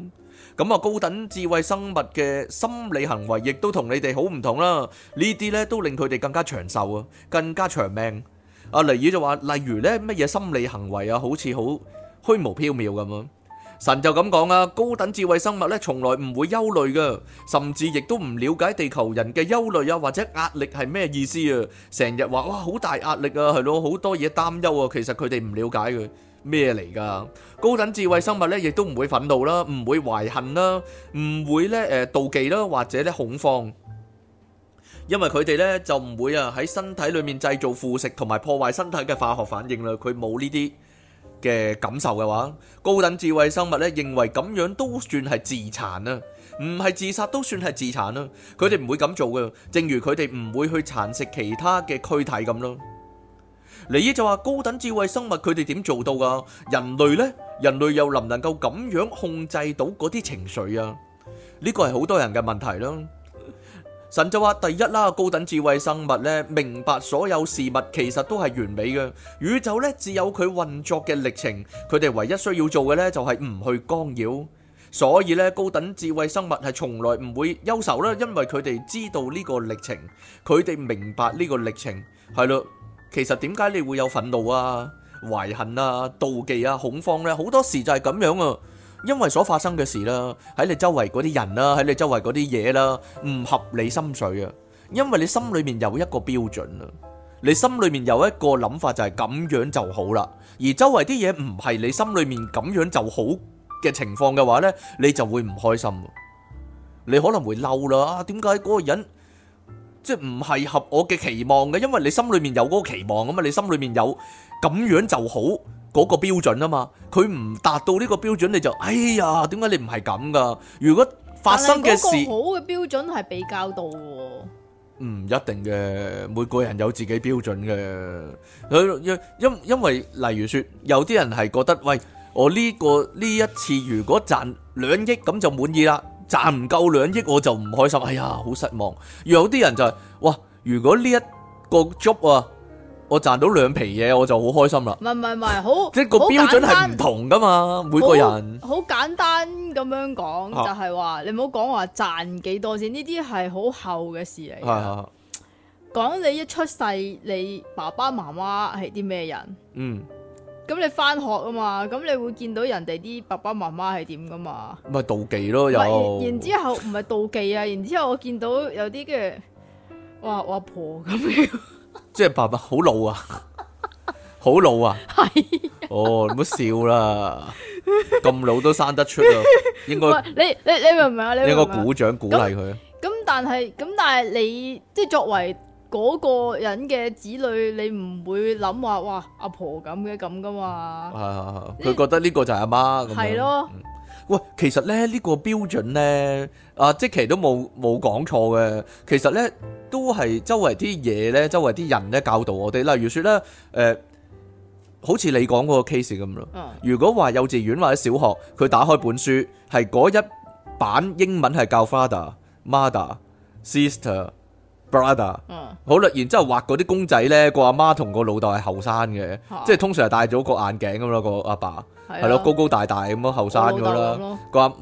Speaker 2: 咁啊，高等智慧生物嘅心理行為亦都同你哋好唔同啦。呢啲咧都令佢哋更加長壽啊，更加長命。阿尼爾就話，例如咧乜嘢心理行為啊，好似好虛無縹緲咁咯。神就咁講啊，高等智慧生物咧從來唔會憂慮嘅，甚至亦都唔了解地球人嘅憂慮啊或者壓力係咩意思啊。成日話哇好大壓力啊，係咯好多嘢擔憂啊，其實佢哋唔了解佢。咩嚟噶？高等智慧生物咧，亦都唔會憤怒啦，唔會懷恨啦，唔會咧誒妒忌啦，或者咧恐慌，因為佢哋咧就唔會啊喺身體裏面製造腐蝕同埋破壞身體嘅化學反應啦。佢冇呢啲嘅感受嘅話，高等智慧生物咧認為咁樣都算係自殘啦，唔係自殺都算係自殘啦。佢哋唔會咁做嘅，正如佢哋唔會去蠶食其他嘅軀體咁咯。你呢就話高等智慧生物佢哋點做到噶？人類咧，人類又能唔能夠咁樣控制到嗰啲情緒啊？呢個係好多人嘅問題咯。神就話：第一啦，高等智慧生物咧明白所有事物其實都係完美嘅，宇宙咧只有佢運作嘅歷程，佢哋唯一需要做嘅咧就係唔去干擾。所以咧，高等智慧生物係從來唔會憂愁啦，因為佢哋知道呢個歷程，佢哋明白呢個歷程，係咯。其實點解你會有憤怒啊、懷恨啊、妒忌啊、恐慌呢？好多時就係咁樣啊，因為所發生嘅事啦，喺你周圍嗰啲人啦，喺你周圍嗰啲嘢啦，唔合你心水啊。因為你心裏面有一個標準啊，你心裏面有一個諗法就係咁樣就好啦。而周圍啲嘢唔係你心裏面咁樣就好嘅情況嘅話呢，你就會唔開心。你可能會嬲啦，點解嗰個人？即係唔係合我嘅期望嘅，因為你心裏面有嗰個期望啊嘛，你心裏面有咁樣就好嗰個標準啊嘛，佢唔達到呢個標準你就，哎呀，點解你唔係咁噶？如果發生嘅事
Speaker 1: 好嘅標準係比較到、
Speaker 2: 哦，唔一定嘅，每個人有自己標準嘅。佢因因因為，因為例如說，有啲人係覺得，喂，我呢個呢一次如果賺兩億咁就滿意啦。賺唔夠兩億我就唔開心，哎呀好失望。有啲人就係、是，哇！如果呢一個 job 啊，我賺到兩皮嘢，我就好開心啦。唔
Speaker 1: 係唔係好，即係個標準係唔
Speaker 2: 同噶嘛，很每個人。好
Speaker 1: 簡單咁樣講就係、是、話，你唔好講話賺幾多先，呢啲係好後嘅事嚟。係啊。講你一出世，你爸爸媽媽係啲咩人？嗯。咁你翻學啊嘛，咁你會見到人哋啲爸爸媽媽係點噶嘛？
Speaker 2: 咪妒忌咯，有。然
Speaker 1: 之後唔係妒忌啊，然之後我見到有啲嘅，哇我阿婆咁樣，
Speaker 2: 即係爸爸好老啊，好 老啊。係是、啊 oh,。哦，你唔好笑啦，咁老都生得出啊，應該。你
Speaker 1: 你你明唔明啊？你你。應該鼓
Speaker 2: 掌鼓勵佢。
Speaker 1: 咁但係，咁但係，但但你即係作為。嗰個人嘅子女，你唔會諗話哇阿婆咁嘅咁噶嘛？
Speaker 2: 係係係，佢覺得呢個就係阿媽，媽。係咯的，喂、嗯，其實咧呢、呢個標準咧，阿、啊、即其實都冇冇講錯嘅。其實咧都係周圍啲嘢咧，周圍啲人咧教導我哋。例如説咧，誒、呃，好似你講嗰個 case 咁咯。嗯、如果話幼稚園或者小學，佢打開本書係嗰一版英文係教 father、mother、sister。Brother，嗯、好啦，然之後畫嗰啲公仔咧，個阿媽同個老豆係後生嘅，的即係通常係戴咗個眼鏡咁咯，個阿爸係咯的高高大大咁樣後生咗啦，個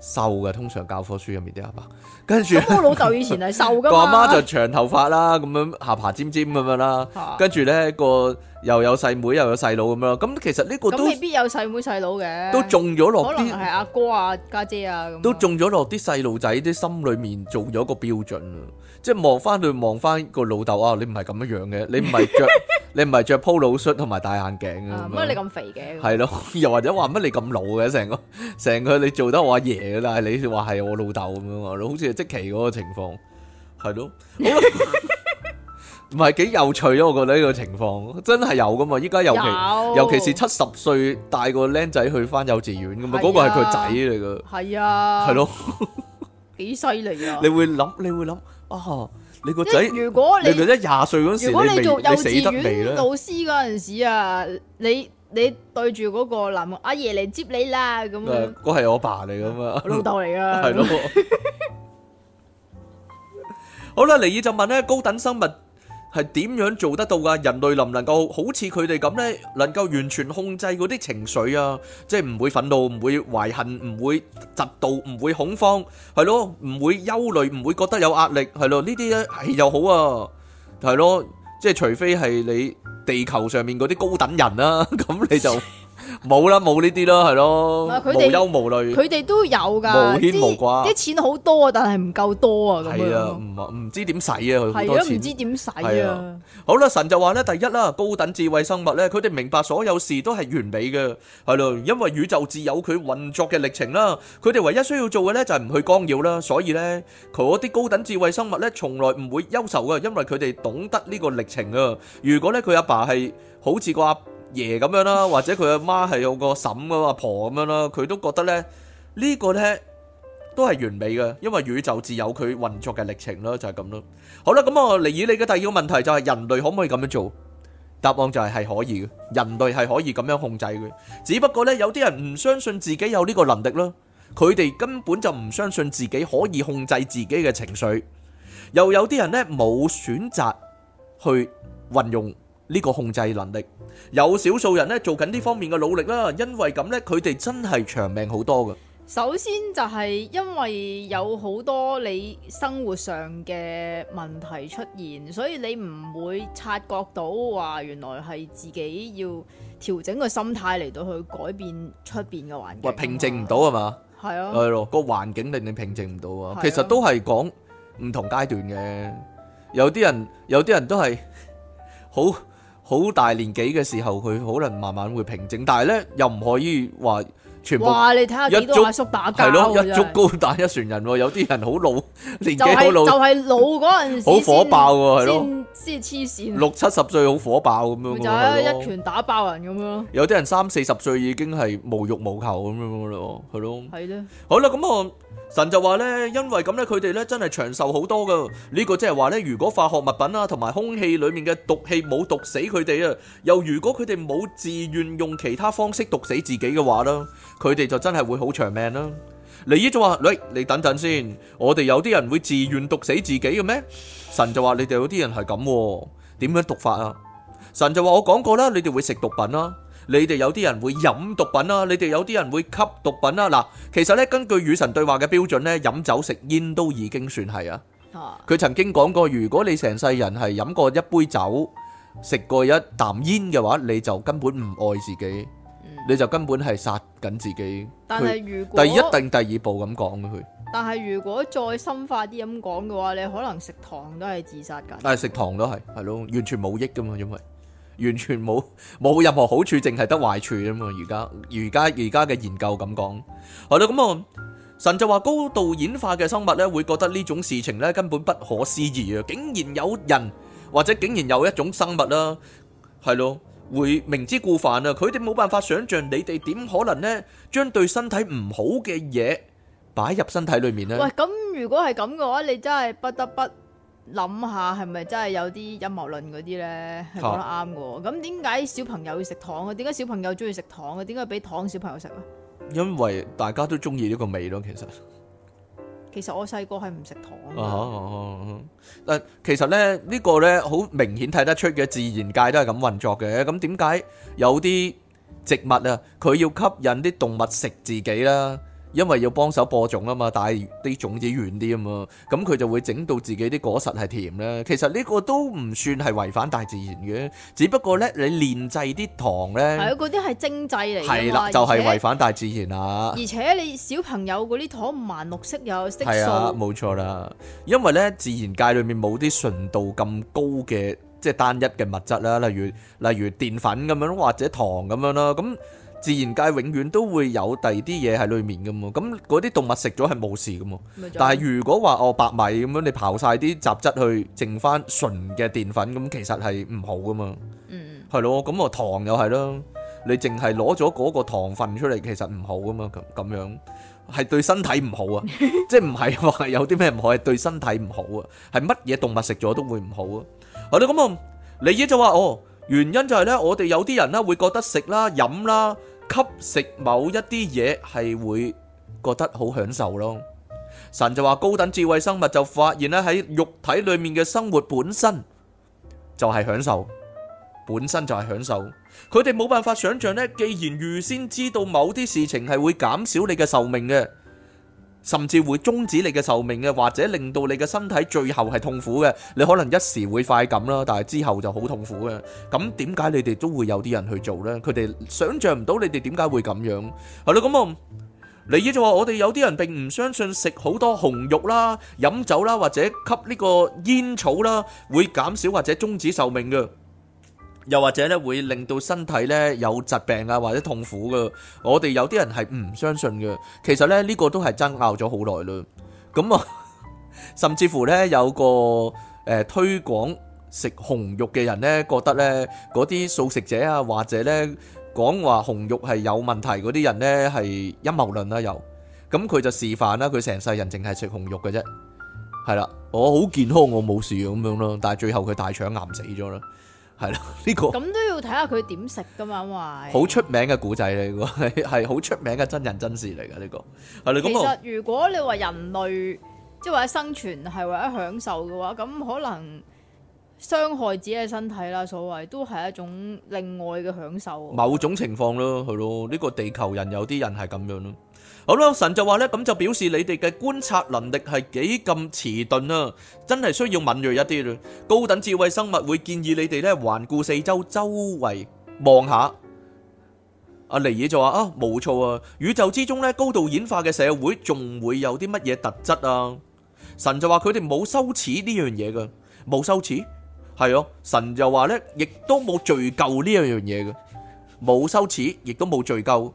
Speaker 2: 瘦嘅通常教科書入面啲阿爸，跟住個老豆以
Speaker 1: 前係瘦噶，個阿媽就
Speaker 2: 長頭髮啦，咁、哎、樣下巴尖尖咁樣啦，的跟住咧個又有細妹又有細佬咁咯，咁其實呢個都
Speaker 1: 未必有細妹細佬嘅，都中咗落，啲，可能係阿哥啊家姐啊，
Speaker 2: 都中咗落啲細路仔啲心裏面做咗個標準。即係望翻去，望翻個老豆啊！你唔係咁樣樣嘅，你唔係着， 你唔係着鋪 Polo 恤同埋戴眼鏡啊！乜你
Speaker 1: 咁肥嘅？係
Speaker 2: 咯，又或者話乜你咁老嘅？成個成個你做得我阿爺，但係你話係我老豆咁樣啊？好似即期嗰個情況，係咯，唔係幾有趣咯？我覺得呢個情況真係有噶嘛？依家尤其有尤其是七十歲帶個僆仔去翻幼稚園，咁咪嗰個係佢仔嚟噶，
Speaker 1: 係啊，係咯，幾犀利啊 你！
Speaker 2: 你會諗，你會諗。哦，你個仔，如果你佢一廿歲嗰時，如果你做幼稚園老
Speaker 1: 師嗰陣時啊，你你對住嗰個男阿爺嚟接你啦，咁樣，
Speaker 2: 嗰係我爸嚟噶嘛，
Speaker 1: 老豆嚟噶，係
Speaker 2: 咯。好啦，尼爾就問咧，高等生物。係點樣做得到噶？人類能唔能夠好似佢哋咁咧？能夠完全控制嗰啲情緒啊，即係唔會憤怒，唔會懷恨，唔會嫉妒，唔會恐慌，係咯，唔會憂慮，唔會覺得有壓力，係咯，呢啲咧係又好啊，係咯，即係除非係你地球上面嗰啲高等人啦，咁你就。冇啦，冇呢啲啦，係咯，佢哋無憂無慮。佢哋
Speaker 1: 都有噶，無牽無掛，啲錢好多，啊，但係唔夠多啊，咁
Speaker 2: 樣。係啊的，唔唔知點使啊，咁多錢。係啊，唔知點使啊。好啦，神就話咧，第一啦，高等智慧生物咧，佢哋明白所有事都係完美嘅，係咯，因為宇宙自有佢運作嘅歷程啦。佢哋唯一需要做嘅咧就係唔去干擾啦。所以咧，嗰啲高等智慧生物咧，從來唔會憂愁嘅，因為佢哋懂得呢個歷程啊。如果咧佢阿爸係好似個阿爺咁樣啦，或者佢阿媽係有個嬸嘅阿婆咁樣啦，佢都覺得咧呢呢個呢都係完美嘅，因為宇宙自有佢運作嘅歷程啦，就係咁咯。好啦，咁我嚟以你嘅第二個問題就係人類可唔可以咁樣做？答案就係係可以嘅，人類係可以咁樣控制嘅。只不過呢，有啲人唔相信自己有呢個能力啦，佢哋根本就唔相信自己可以控制自己嘅情緒，又有啲人呢，冇選擇去運用。呢個控制能力有少數人呢做緊呢方面嘅努力啦，因為咁呢佢哋真係長命好多㗎。
Speaker 1: 首先就係因為有好多你生活上嘅問題出現，所以你唔會察覺到話原來係自己要調整個心態嚟到去改變出面嘅環境。喂，平
Speaker 2: 靜唔到係嘛？係啊，係咯，個環境令你平靜唔到啊。其實都係講唔同階段嘅，有啲人有啲人都係好。好大年紀嘅時候，佢可能慢慢會平靜，但係咧又唔可以話全部。哇！你睇下呢個係叔打交，係咯一足高彈一船人喎，有啲人好老年紀好老，就係
Speaker 1: 老嗰陣時先先黐線，六七十
Speaker 2: 歲好火爆咁樣，就係一拳
Speaker 1: 打爆人咁樣。
Speaker 2: 有啲人三四十歲已經係無欲無求咁樣咯，係咯。係咯。好啦，咁我。神就話呢，因為咁呢，佢哋呢真係長壽好多噶。呢個即係話呢，如果化學物品啊，同埋空氣裏面嘅毒氣冇毒死佢哋啊，又如果佢哋冇自願用其他方式毒死自己嘅話啦，佢哋就真係會好長命啦。尼爾就話：喂，你等等先，我哋有啲人會自願毒死自己嘅咩？神就話：你哋有啲人係咁，點樣毒法啊？神就話：我講過啦，你哋會食毒品啦。你哋有啲人會飲毒品啦，你哋有啲人會吸毒品啦。嗱，其實咧根據與神對話嘅標準咧，飲酒食煙都已經算係啊。哦。佢曾經講過，如果你成世人係飲過一杯酒、食過一啖煙嘅話，你就根本唔愛自己，
Speaker 1: 你就
Speaker 2: 根本係殺緊自己。但係如果，但係第一定第二步咁講嘅佢。
Speaker 1: 但係如果再深化啲咁講嘅話，你可能食糖都係自殺緊。但係食
Speaker 2: 糖都係係咯，完全冇益㗎嘛，因為。完全冇冇任何好處，淨係得壞處啊嘛！而家而家而家嘅研究咁講，係咯咁啊，神就話高度演化嘅生物咧，會覺得呢種事情咧根本不可思議啊！竟然有人或者竟然有一種生物啦，係咯，會明知故犯啊！佢哋冇辦法想像你哋點可能咧，將對身體唔好嘅嘢擺入身體裡面咧。喂，
Speaker 1: 咁如果係咁嘅話，你真係不得不～諗下係咪真係有啲陰謀論嗰啲呢？係講得啱嘅？咁點解小朋友要食糖啊？點解小朋友中意食糖啊？點解俾糖小朋友食啊？
Speaker 2: 因為大家都中意呢個味咯，其實。
Speaker 1: 其實我細個係唔食糖。啊啊啊
Speaker 2: 啊啊但其實咧呢、這個呢，好明顯睇得出嘅，自然界都係咁運作嘅。咁點解有啲植物啊，佢要吸引啲動物食自己啦？因為要幫手播種啊嘛，但係啲種子遠啲啊嘛，咁佢就會整到自己啲果實係甜咧。其實呢個都唔算係違反大自然嘅，只不過咧你煉製啲糖咧，係啊，
Speaker 1: 嗰啲係精製嚟嘅，係啦，就係、是、違
Speaker 2: 反大自然啊。而
Speaker 1: 且你小朋友嗰啲糖五顏六色有色素，係啊，
Speaker 2: 冇錯啦。因為咧自然界裏面冇啲純度咁高嘅，即係單一嘅物質啦，例如例如澱粉咁樣或者糖咁樣啦，咁。自然界永遠都會有第二啲嘢喺裏面噶嘛，咁嗰啲動物食咗係冇事噶嘛。但係如果話哦白米咁樣，你刨晒啲雜質去，剩翻純嘅澱粉，咁其實係唔好噶嘛。嗯，係咯，咁啊糖又係咯，你淨係攞咗嗰個糖分出嚟，其實唔好噶嘛。咁咁樣係對身體唔好啊， 即係唔係話有啲咩唔可以對身體唔好啊？係乜嘢動物食咗都會唔好啊？係咯，咁啊，你而家就話哦。原因就係咧，我哋有啲人咧，會覺得食啦、飲啦、吸食某一啲嘢，係會覺得好享受咯。神就話，高等智慧生物就發現咧，喺肉體裏面嘅生活本身就係享受，本身就係享受。佢哋冇辦法想象呢，既然預先知道某啲事情係會減少你嘅壽命嘅，甚至會終止你嘅壽命嘅，或者令到你嘅身體最後係痛苦嘅。你可能一時會快感啦，但係之後就好痛苦嘅。咁點解你哋都會有啲人去做呢？佢哋想象唔到你哋點解會咁樣。係啦，咁啊，你一樣就話我哋有啲人並唔相信食好多紅肉啦、飲酒啦，或者吸呢個煙草啦，會減少或者終止壽命嘅。又或者咧，會令到身體咧有疾病啊，或者痛苦㗎。我哋有啲人係唔相信㗎。其實咧呢個都係爭拗咗好耐啦。咁啊，甚至乎咧有個誒推廣食紅肉嘅人咧，覺得咧嗰啲素食者啊，或者咧講話紅肉係有問題嗰啲人咧係陰謀論啦又。咁佢就示範啦，佢成世人淨係食紅肉嘅啫。係啦，我好健康，我冇事咁樣咯。但係最後佢大腸癌死咗啦。係啦，呢個咁
Speaker 1: 都要睇下佢點食噶嘛，因為好
Speaker 2: 出名嘅古仔嚟，係係好出名嘅真人真事嚟噶呢個。係你咁，其實
Speaker 1: 如果你話人類即係話生存係為咗享受嘅話，咁可能傷害自己嘅身體啦，所謂都係一種另外嘅享受。
Speaker 2: 某種情況咯，係咯，呢個地球人有啲人係咁樣咯。好啦，神就話咧，咁就表示你哋嘅觀察能力係幾咁遲鈍啊，真係需要敏銳一啲啦。高等智慧生物會建議你哋咧環顧四周，周圍望下。阿尼爾就話啊，冇錯啊，宇宙之中咧高度演化嘅社會，仲會有啲乜嘢特質啊？神就話佢哋冇羞恥呢樣嘢㗎，冇羞恥，係哦。神就話咧，亦都冇罪疚呢樣嘢㗎，冇羞恥，亦都冇罪疚。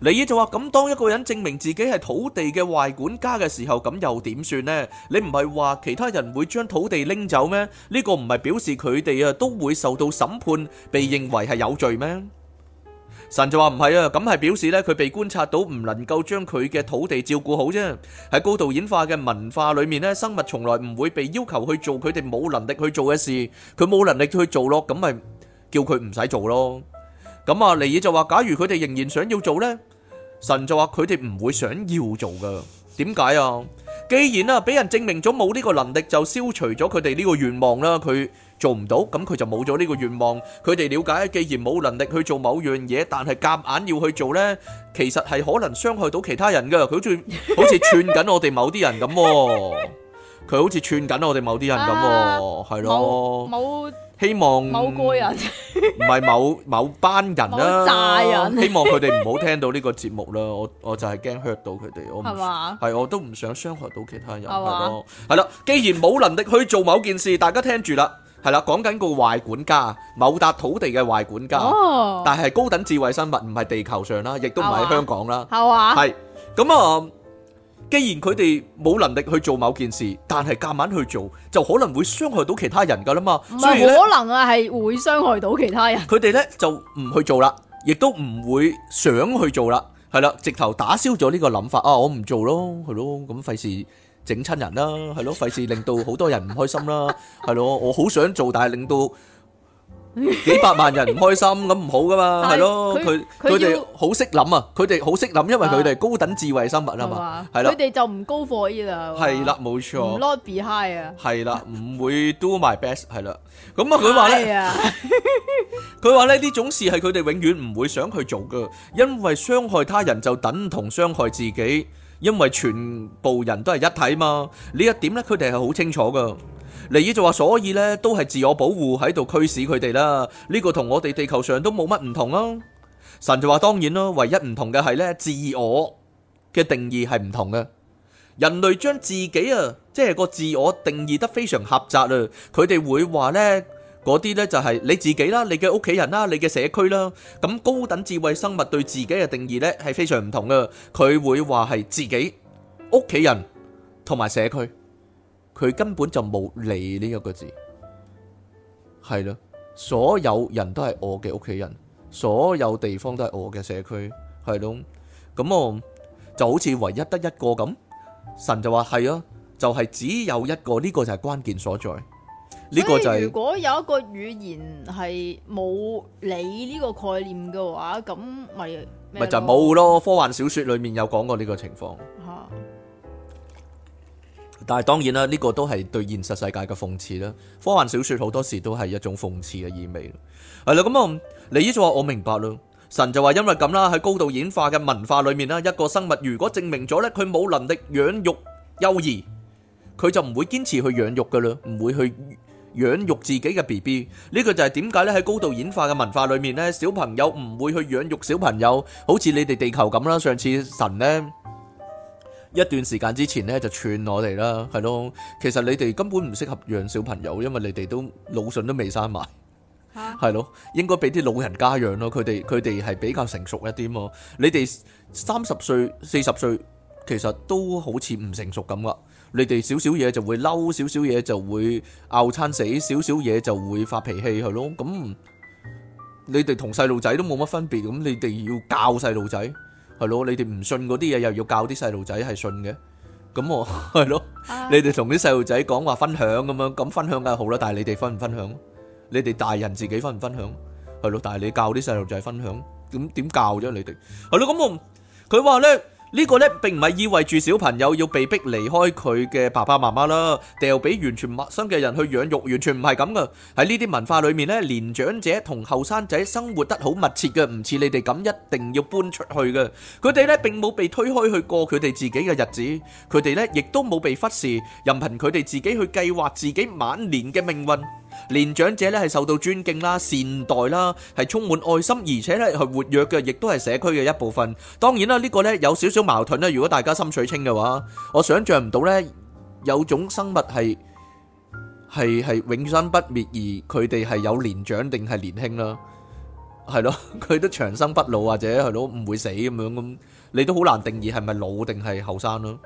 Speaker 2: 尼爾就話，咁當一個人證明自己係土地嘅壞管家嘅時候，咁又點算呢？你唔係話其他人會將土地拎走咩？呢個唔係表示佢哋啊都會受到審判，被認為係有罪咩？神就話唔係啊，咁係表示呢，佢被觀察到唔能夠將佢嘅土地照顧好啫。喺高度演化嘅文化裏面呢，生物從來唔會被要求去做佢哋冇能力去做嘅事，佢冇能力去做咯，咁咪叫佢唔使做咯。咁啊，尼爾就話，假如佢哋仍然想要做呢？神就話佢哋唔會想要做噶，點解啊？既然啊俾人證明咗冇呢個能力，就消除咗佢哋呢個願望啦。佢做唔到，咁佢就冇咗呢個願望。佢哋了，了，了解，既然冇能力去做某樣嘢，但係夾硬要去做呢，其實係可能傷害到其他人噶。佢好似好似串緊我哋某啲人咁，啊，佢好似串緊我哋某啲人咁，啊，係咯，啊。冇啦。希望某
Speaker 1: 個人唔係 某
Speaker 2: 某班人啦、啊，宅人 希望佢哋唔好聽到呢個節目啦、啊。我我就係驚 hurt 到佢哋，我唔嘛？係吧，我都唔想傷害到其他人係啦吧，既然冇能力去做某件事，大家聽住啦。係啦，講緊個壞管家，某笪土地嘅壞管家，哦、但係高等智慧生物唔係地球上啦，亦都唔喺香港啦，係係咁啊！既然佢哋冇能力去做某件事，但係夾硬去做，就可能會傷害到其他人噶啦嘛。唔係可
Speaker 1: 能啊，係會傷害到其他人。
Speaker 2: 佢哋呢就唔去做啦，亦都唔會想去做啦。係啦，直頭打消咗呢個諗法啊！我唔做咯，係咯，咁費事整親人啦，係咯，費事令到好多人唔開心啦，係咯，我好想做，但係令到。幾百萬人唔開心咁唔好噶嘛，係咯，佢佢哋好識諗啊，佢哋好識諗，因為佢哋高等智慧生物啊嘛，係啦佢哋
Speaker 1: 就唔高貨啲啦，係
Speaker 2: 啦冇錯，not
Speaker 1: be high 啊，
Speaker 2: 係啦唔會 do my best 係啦，咁啊佢話咧佢話咧呢種事係佢哋永遠唔會想去做噶，因為傷害他人就等同傷害自己，因為全部人都係一體嘛，呢一點咧佢哋係好清楚噶。尼爾就話，所以呢，都係自我保護喺度驅使佢哋啦。呢個同我哋地球上都冇乜唔同咯。神就話，當然咯，唯一唔同嘅係呢，自我嘅定義係唔同嘅。人類將自己啊，即係個自我定義得非常狹窄啊。佢哋會話呢嗰啲，呢，就係你自己啦、你嘅屋企人啦、你嘅社區啦。咁高等智慧生物對自己嘅定義呢，係非常唔同嘅。佢會話係自己屋企人同埋社區。佢根本就冇你呢一個字，係咯，所有人都係我嘅屋企人，所有地方都係我嘅社區，係咯，咁、嗯、我就好似唯一得一個咁，神就話係啊，就係只有一個，呢個就係關鍵所在，
Speaker 1: 呢個就係。如果有一個語言係冇你呢個概念嘅話，咁咪咪就冇咯。
Speaker 2: 科幻小説裡面有講過呢個情況。啊。但係當然啦，呢個都係對現實世界嘅諷刺啦。科幻小説好多時都係一種諷刺嘅意味。係啦，咁啊，你呢就話：我明白啦。神就話：因為咁啦，喺高度演化嘅文化裏面啦，一個生物如果證明咗呢佢冇能力養育幼兒，佢就唔會堅持去養育㗎啦，唔會去養育自己嘅 BB。呢個就係點解呢？喺高度演化嘅文化裏面呢，小朋友唔會去養育小朋友，好似你哋地球咁啦。上次神呢。一段時間之前咧，就串我哋啦，係咯。其實你哋根本唔適合養小朋友，因為你哋都腦筍都未生埋，係咯。應該俾啲老人家養咯，佢哋佢哋係比較成熟一啲嘛。你哋三十歲、四十歲，其實都好似唔成熟咁啦。你哋少少嘢就會嬲，少少嘢就會拗餐死，少少嘢就會發脾氣，係咯。咁、嗯、你哋同細路仔都冇乜分別，咁你哋要教細路仔。係咯，你哋唔信嗰啲嘢，又要教啲細路仔係信嘅，咁我係咯，你哋同啲細路仔講話分享咁樣，咁分享梗係好啦，但係你哋分唔分享？你哋大人自己分唔分享？係咯，但係你教啲細路仔分享，咁點教咗你哋？係咯，咁我佢話咧。呢個呢，並唔係意味住小朋友要被逼離開佢嘅爸爸媽媽啦，掉俾完全陌生嘅人去養育，完全唔係咁噶。喺呢啲文化裏面呢，年長者同後生仔生活得好密切嘅，唔似你哋咁一定要搬出去嘅。佢哋呢，並冇被推開去過佢哋自己嘅日子，佢哋呢，亦都冇被忽視，任憑佢哋自己去計劃自己晚年嘅命運。年長者咧係受到尊敬啦、善待啦，係充滿愛心，而且咧係活躍嘅，亦都係社區嘅一部分。當然啦，呢、呢個呢，有少少矛盾啦。如果大家心水清嘅話，我想像唔到呢，有種生物係係係永生不滅，而佢哋係有年長定係年輕啦。係咯，佢都長生不老或者係咯唔會死咁樣咁，你都好難定義係咪老定係後生咯。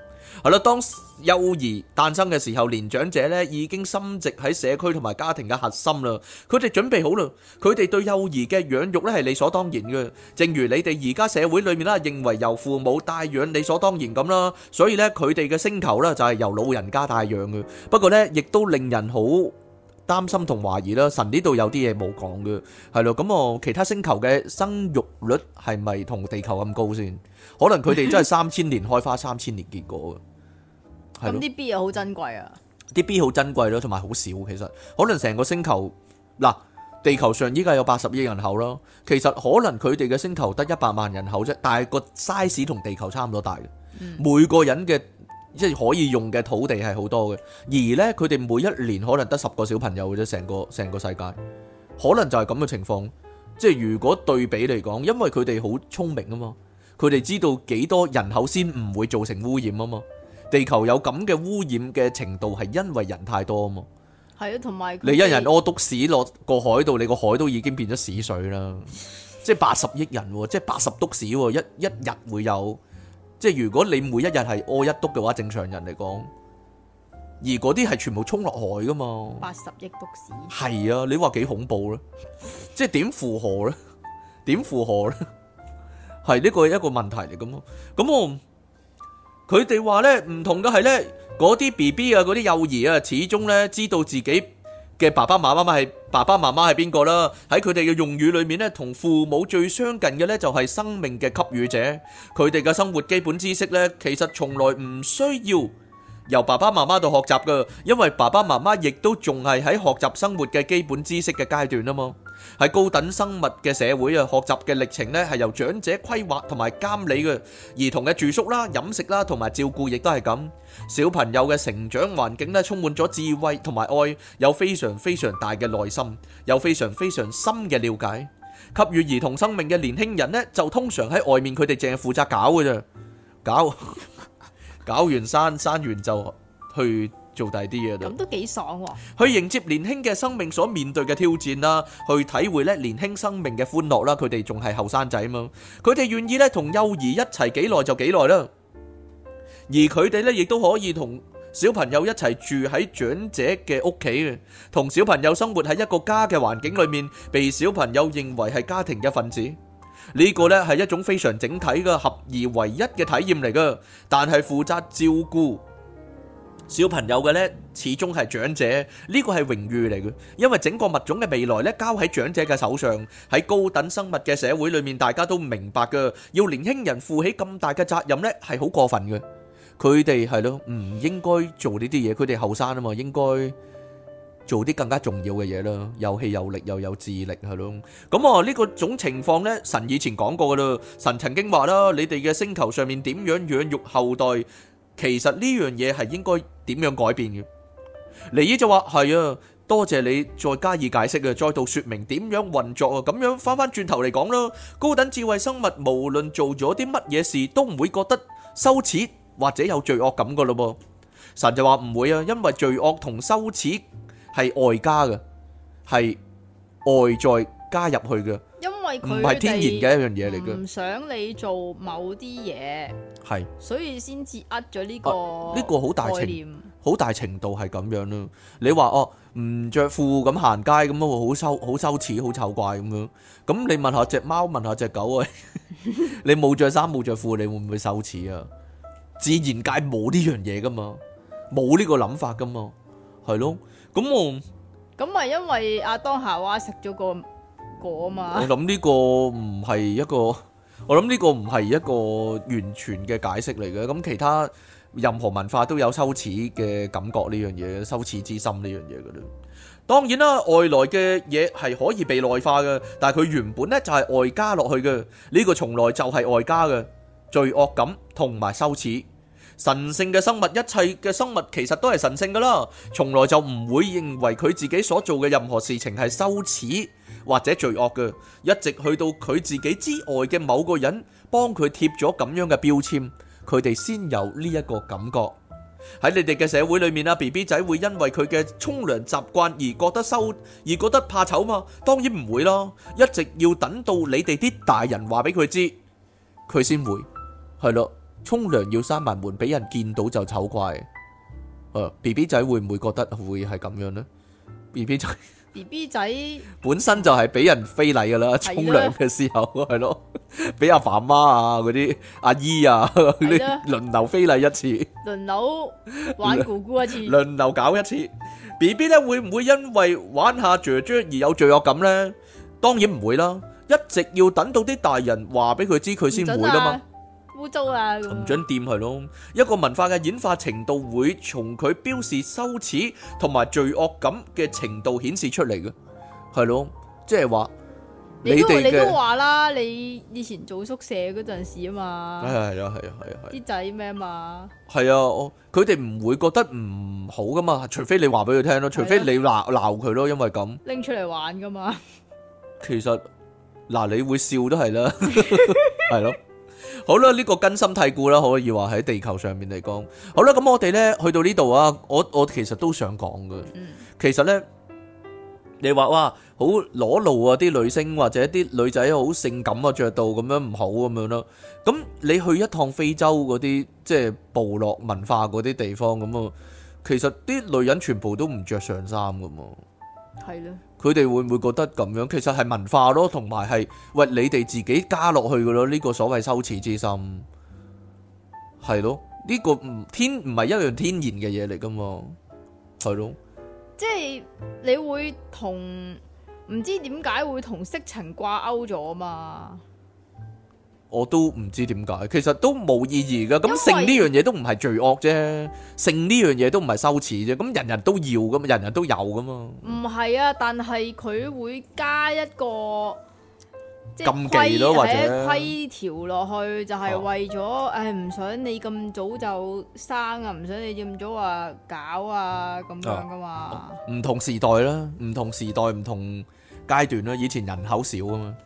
Speaker 2: 係咯，當幼兒誕生嘅時候，年長者咧已經深植喺社區同埋家庭嘅核心啦。佢哋準備好啦，佢哋對幼兒嘅養育咧係理所當然嘅。正如你哋而家社會裡面咧，認為由父母帶養理所當然咁啦。所以咧，佢哋嘅星球咧就係由老人家帶養嘅。不過咧，亦都令人好。擔心同懷疑啦，神呢度有啲嘢冇講嘅，係咯，咁我其他星球嘅生育率係咪同地球咁高先？可能佢哋真係三千年開花三千年結果
Speaker 1: 嘅，係咯，咁啲 的 B 又好珍貴啊，
Speaker 2: 啲 B 好珍貴咯，同埋好少其實，可能成個星球嗱，地球上依家有八十億人口咯，其實可能佢哋嘅星球得一百萬人口啫，但係個 size 同地球差唔多大嘅，嗯、每個人嘅。即係可以用嘅土地係好多嘅，而呢，佢哋每一年可能得十個小朋友或者，成個成個世界可能就係咁嘅情況。即係如果對比嚟講，因為佢哋好聰明啊嘛，佢哋知道幾多人口先唔會造成污染啊嘛。地球有咁嘅污染嘅程度係因為人太多啊嘛。
Speaker 1: 係啊，同埋、嗰個、你一人
Speaker 2: 屙督屎落個海度，你個海都已經變咗屎水啦。即係八十億人，即係八十督屎，一一日會有。即係如果你每一日係屙一篤嘅話，正常人嚟講，而嗰啲係全部沖落海噶嘛？八
Speaker 1: 十億篤屎，
Speaker 2: 係啊！你話幾恐怖咧？即係點負荷咧？點負荷咧？係呢個一個問題嚟咁咯。咁我，佢哋話咧唔同嘅係咧，嗰啲 BB 啊，嗰啲幼兒啊，始終咧知道自己。嘅爸爸媽媽，咪係爸爸媽媽係邊個啦？喺佢哋嘅用語裏面咧，同父母最相近嘅咧就係生命嘅給予者。佢哋嘅生活基本知識咧，其實從來唔需要由爸爸媽媽度學習㗎，因為爸爸媽媽亦都仲係喺學習生活嘅基本知識嘅階段啊嘛。喺高等生物嘅社會啊，學習嘅歷程咧係由長者規劃同埋監理嘅兒童嘅住宿啦、飲食啦同埋照顧，亦都係咁。小朋友嘅成長環境咧充滿咗智慧同埋愛，有非常非常大嘅耐心，有非常非常深嘅了解。給予兒童生命嘅年輕人咧，就通常喺外面，佢哋淨係負責搞㗎啫，搞搞完生生完就去。做大啲嘢咯，咁
Speaker 1: 都幾爽喎！
Speaker 2: 去迎接年輕嘅生命所面對嘅挑戰啦，去體會咧年輕生命嘅歡樂啦。佢哋仲係後生仔嘛，佢哋願意咧同幼兒一齊幾耐就幾耐啦。而佢哋咧亦都可以同小朋友一齊住喺長者嘅屋企嘅，同小朋友生活喺一個家嘅環境裏面，被小朋友認為係家庭嘅份子。呢個咧係一種非常整體嘅合而為一嘅體驗嚟噶，但係負責照顧。小朋友嘅咧，始終係長者，呢個係榮譽嚟嘅，因為整個物種嘅未來咧，交喺長者嘅手上。喺高等生物嘅社會裏面，大家都明白㗎，要年輕人負起咁大嘅責任咧，係好過分嘅。佢哋係咯，唔應該做呢啲嘢，佢哋後生啊嘛，應該做啲更加重要嘅嘢咯，有氣有力又有智力係咯。咁我呢個種情況咧，神以前講過噶啦，神曾經話啦，你哋嘅星球上面點樣養育後代？其實呢樣嘢，係應該點樣改變嘅？尼爾就話係啊，多謝你再加以解釋嘅，再度說明點樣運作啊，咁樣返返轉頭嚟講啦，高等智慧生物無論做咗啲乜嘢事，都唔會覺得羞恥或者有罪惡感噶咯噃。神就話唔會啊，因為罪惡同羞恥係外加嘅，係外在加入去嘅。
Speaker 1: 唔係天然嘅一樣嘢嚟嘅，唔想你做某啲嘢，係是，所以先至呃咗呢個呢個好大概念，
Speaker 2: 好、啊呢個、大程度係咁樣咯。你話哦，唔着褲咁行街咁啊，好羞好羞恥，好醜怪咁樣。咁你問下隻貓，問下隻狗啊， 你冇着衫冇着褲，你會唔會羞恥啊？自然界冇呢樣嘢噶嘛，冇呢個諗法噶嘛，係咯。咁我
Speaker 1: 咁咪因為阿當夏娃食咗個。我諗
Speaker 2: 呢個唔係一個，我諗呢個唔係一個完全嘅解釋嚟嘅。咁其他任何文化都有羞恥嘅感覺呢樣嘢，羞恥之心呢樣嘢噶啦。當然啦，外來嘅嘢係可以被內化嘅，但係佢原本呢就係外加落去嘅。呢個從來就係外加嘅罪惡感同埋羞恥。神聖嘅生物，一切嘅生物其實都係神聖噶啦，從來就唔會認為佢自己所做嘅任何事情係羞恥或者罪惡嘅，一直去到佢自己之外嘅某個人幫佢貼咗咁樣嘅標籤，佢哋先有呢一個感覺。喺你哋嘅社會裏面啊，B B 仔會因為佢嘅沖涼習慣而覺得羞，而覺得怕醜嘛？當然唔會咯，一直要等到你哋啲大人話俾佢知，佢先會係咯。沖涼要閂埋門，俾人見到就醜怪。誒，B B 仔會唔會覺得會係咁樣呢？B B 仔。B B 仔本身就係俾人非禮噶啦，沖涼嘅時候係咯，俾阿爸媽啊嗰啲阿姨啊嗰啲輪流非禮一次，
Speaker 1: 輪流玩姑姑一次，輪
Speaker 2: 流搞一次。B B 咧會唔會因為玩下雀雀而有罪惡感咧？當然唔會啦，一直要等到啲大人話俾佢知佢先會啦嘛。
Speaker 1: 污糟啊！唔准
Speaker 2: 掂係咯，一個文化嘅演化程度會從佢標示羞恥同埋罪惡感嘅程度顯示出嚟嘅，係咯，即係話
Speaker 1: 你都你都話啦，你以前做宿舍嗰陣時啊嘛，係啊係
Speaker 2: 啊係啊，啲
Speaker 1: 仔咩啊嘛，
Speaker 2: 係啊，我佢哋唔會覺得唔好噶嘛，除非你話俾佢聽咯，除非你鬧鬧佢咯，因為咁
Speaker 1: 拎出嚟玩噶嘛，
Speaker 2: 其實嗱你會笑都係啦，係咯。好啦，呢個根深蒂固啦，可以話喺地球上面嚟講。好啦，咁我哋咧去到呢度啊，我我其實都想講嘅。其實咧，你話哇，好裸露啊，啲女星或者啲女仔好性感啊，着到咁樣唔好咁樣咯。咁你去一趟非洲嗰啲即係部落文化嗰啲地方咁啊，其實啲女人全部都唔着上衫噶嘛。
Speaker 1: 係咯。
Speaker 2: 佢哋會唔會覺得咁樣？其實係文化咯，同埋係為你哋自己加落去嘅咯。呢個所謂羞恥之心，係咯，呢個天唔係一樣天然嘅嘢嚟噶嘛？係咯，
Speaker 1: 即係你會同唔知點解會同色情掛鈎咗啊嘛？
Speaker 2: 我都唔知點解，其實都冇意義嘅。咁性呢樣嘢都唔係罪惡啫，性呢樣嘢都唔係羞恥啫。咁人人都要噶嘛，人人都有噶嘛。
Speaker 1: 唔係啊，但係佢會加一個即係
Speaker 2: 禁忌咯或者規
Speaker 1: 條落去，就係為咗誒唔想你咁早就生啊，唔想你咁早話搞啊咁樣噶嘛。
Speaker 2: 唔同時代啦，唔同時代唔同階段啦。以前人口少啊嘛。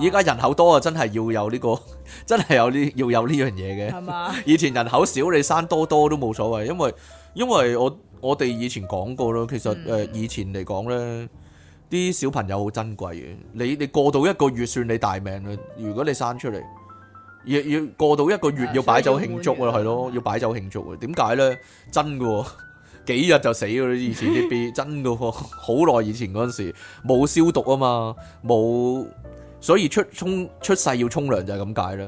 Speaker 2: 依家人口多啊，真係要有呢，這個，真係有呢，要有呢樣嘢嘅。吧 以前人口少，你生多多都冇所謂，因為因為我我哋以前講過咯，其實誒、呃、以前嚟講咧，啲小朋友好珍貴嘅。你你過到一個月算你大命啦，如果你生出嚟，要要過到一個月的要擺酒慶祝啊，係咯，要擺酒慶祝啊。點解咧？真噶，幾日就死噶啦。以前啲 B，真噶，好耐 以前嗰陣時冇消毒啊嘛，冇。所以出沖出世要沖涼就係咁解啦，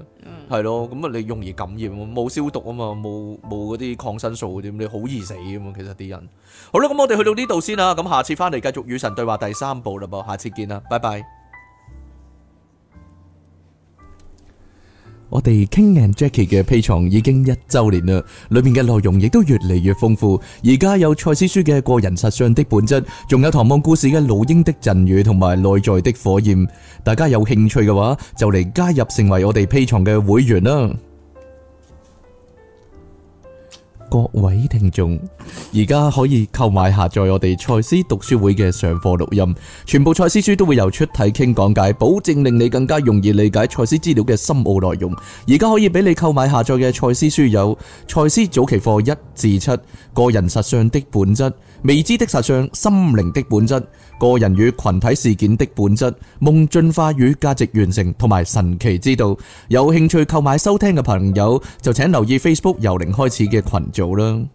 Speaker 2: 係咯、嗯，咁啊你容易感染，冇消毒啊嘛，冇冇嗰啲抗生素啲，你好易死嘅嘛，其實啲人，好啦，咁我哋去到呢度先啦，咁下次翻嚟繼續與神對話第三部啦噃，下次見啦，拜拜。我哋 King and Jackie 嘅 Patreon 已經一周年啦，裏面嘅內容亦都越嚟越豐富。而家有賽斯書嘅個人實相的本質，仲有《唐望故事》嘅老鷹的贈予同埋內在的火焰。大家有興趣嘅話，就嚟加入成為我哋 Patreon 嘅會員啦！各位聽眾，而家可以購買下載我哋賽斯讀書會嘅上課錄音，全部賽斯書都會由出體傾講解，保證令你更加容易理解賽斯資料嘅深奧內容。而家可以俾你購買下載嘅賽斯書有《賽斯早期課一至七》、《個人實相的本質》。未知的實相、心靈的本質、個人與群體事件的本質、夢進化與價值完成同埋神奇之道。有興趣購買收聽嘅朋友，就請留意 Facebook 由零開始嘅群組啦。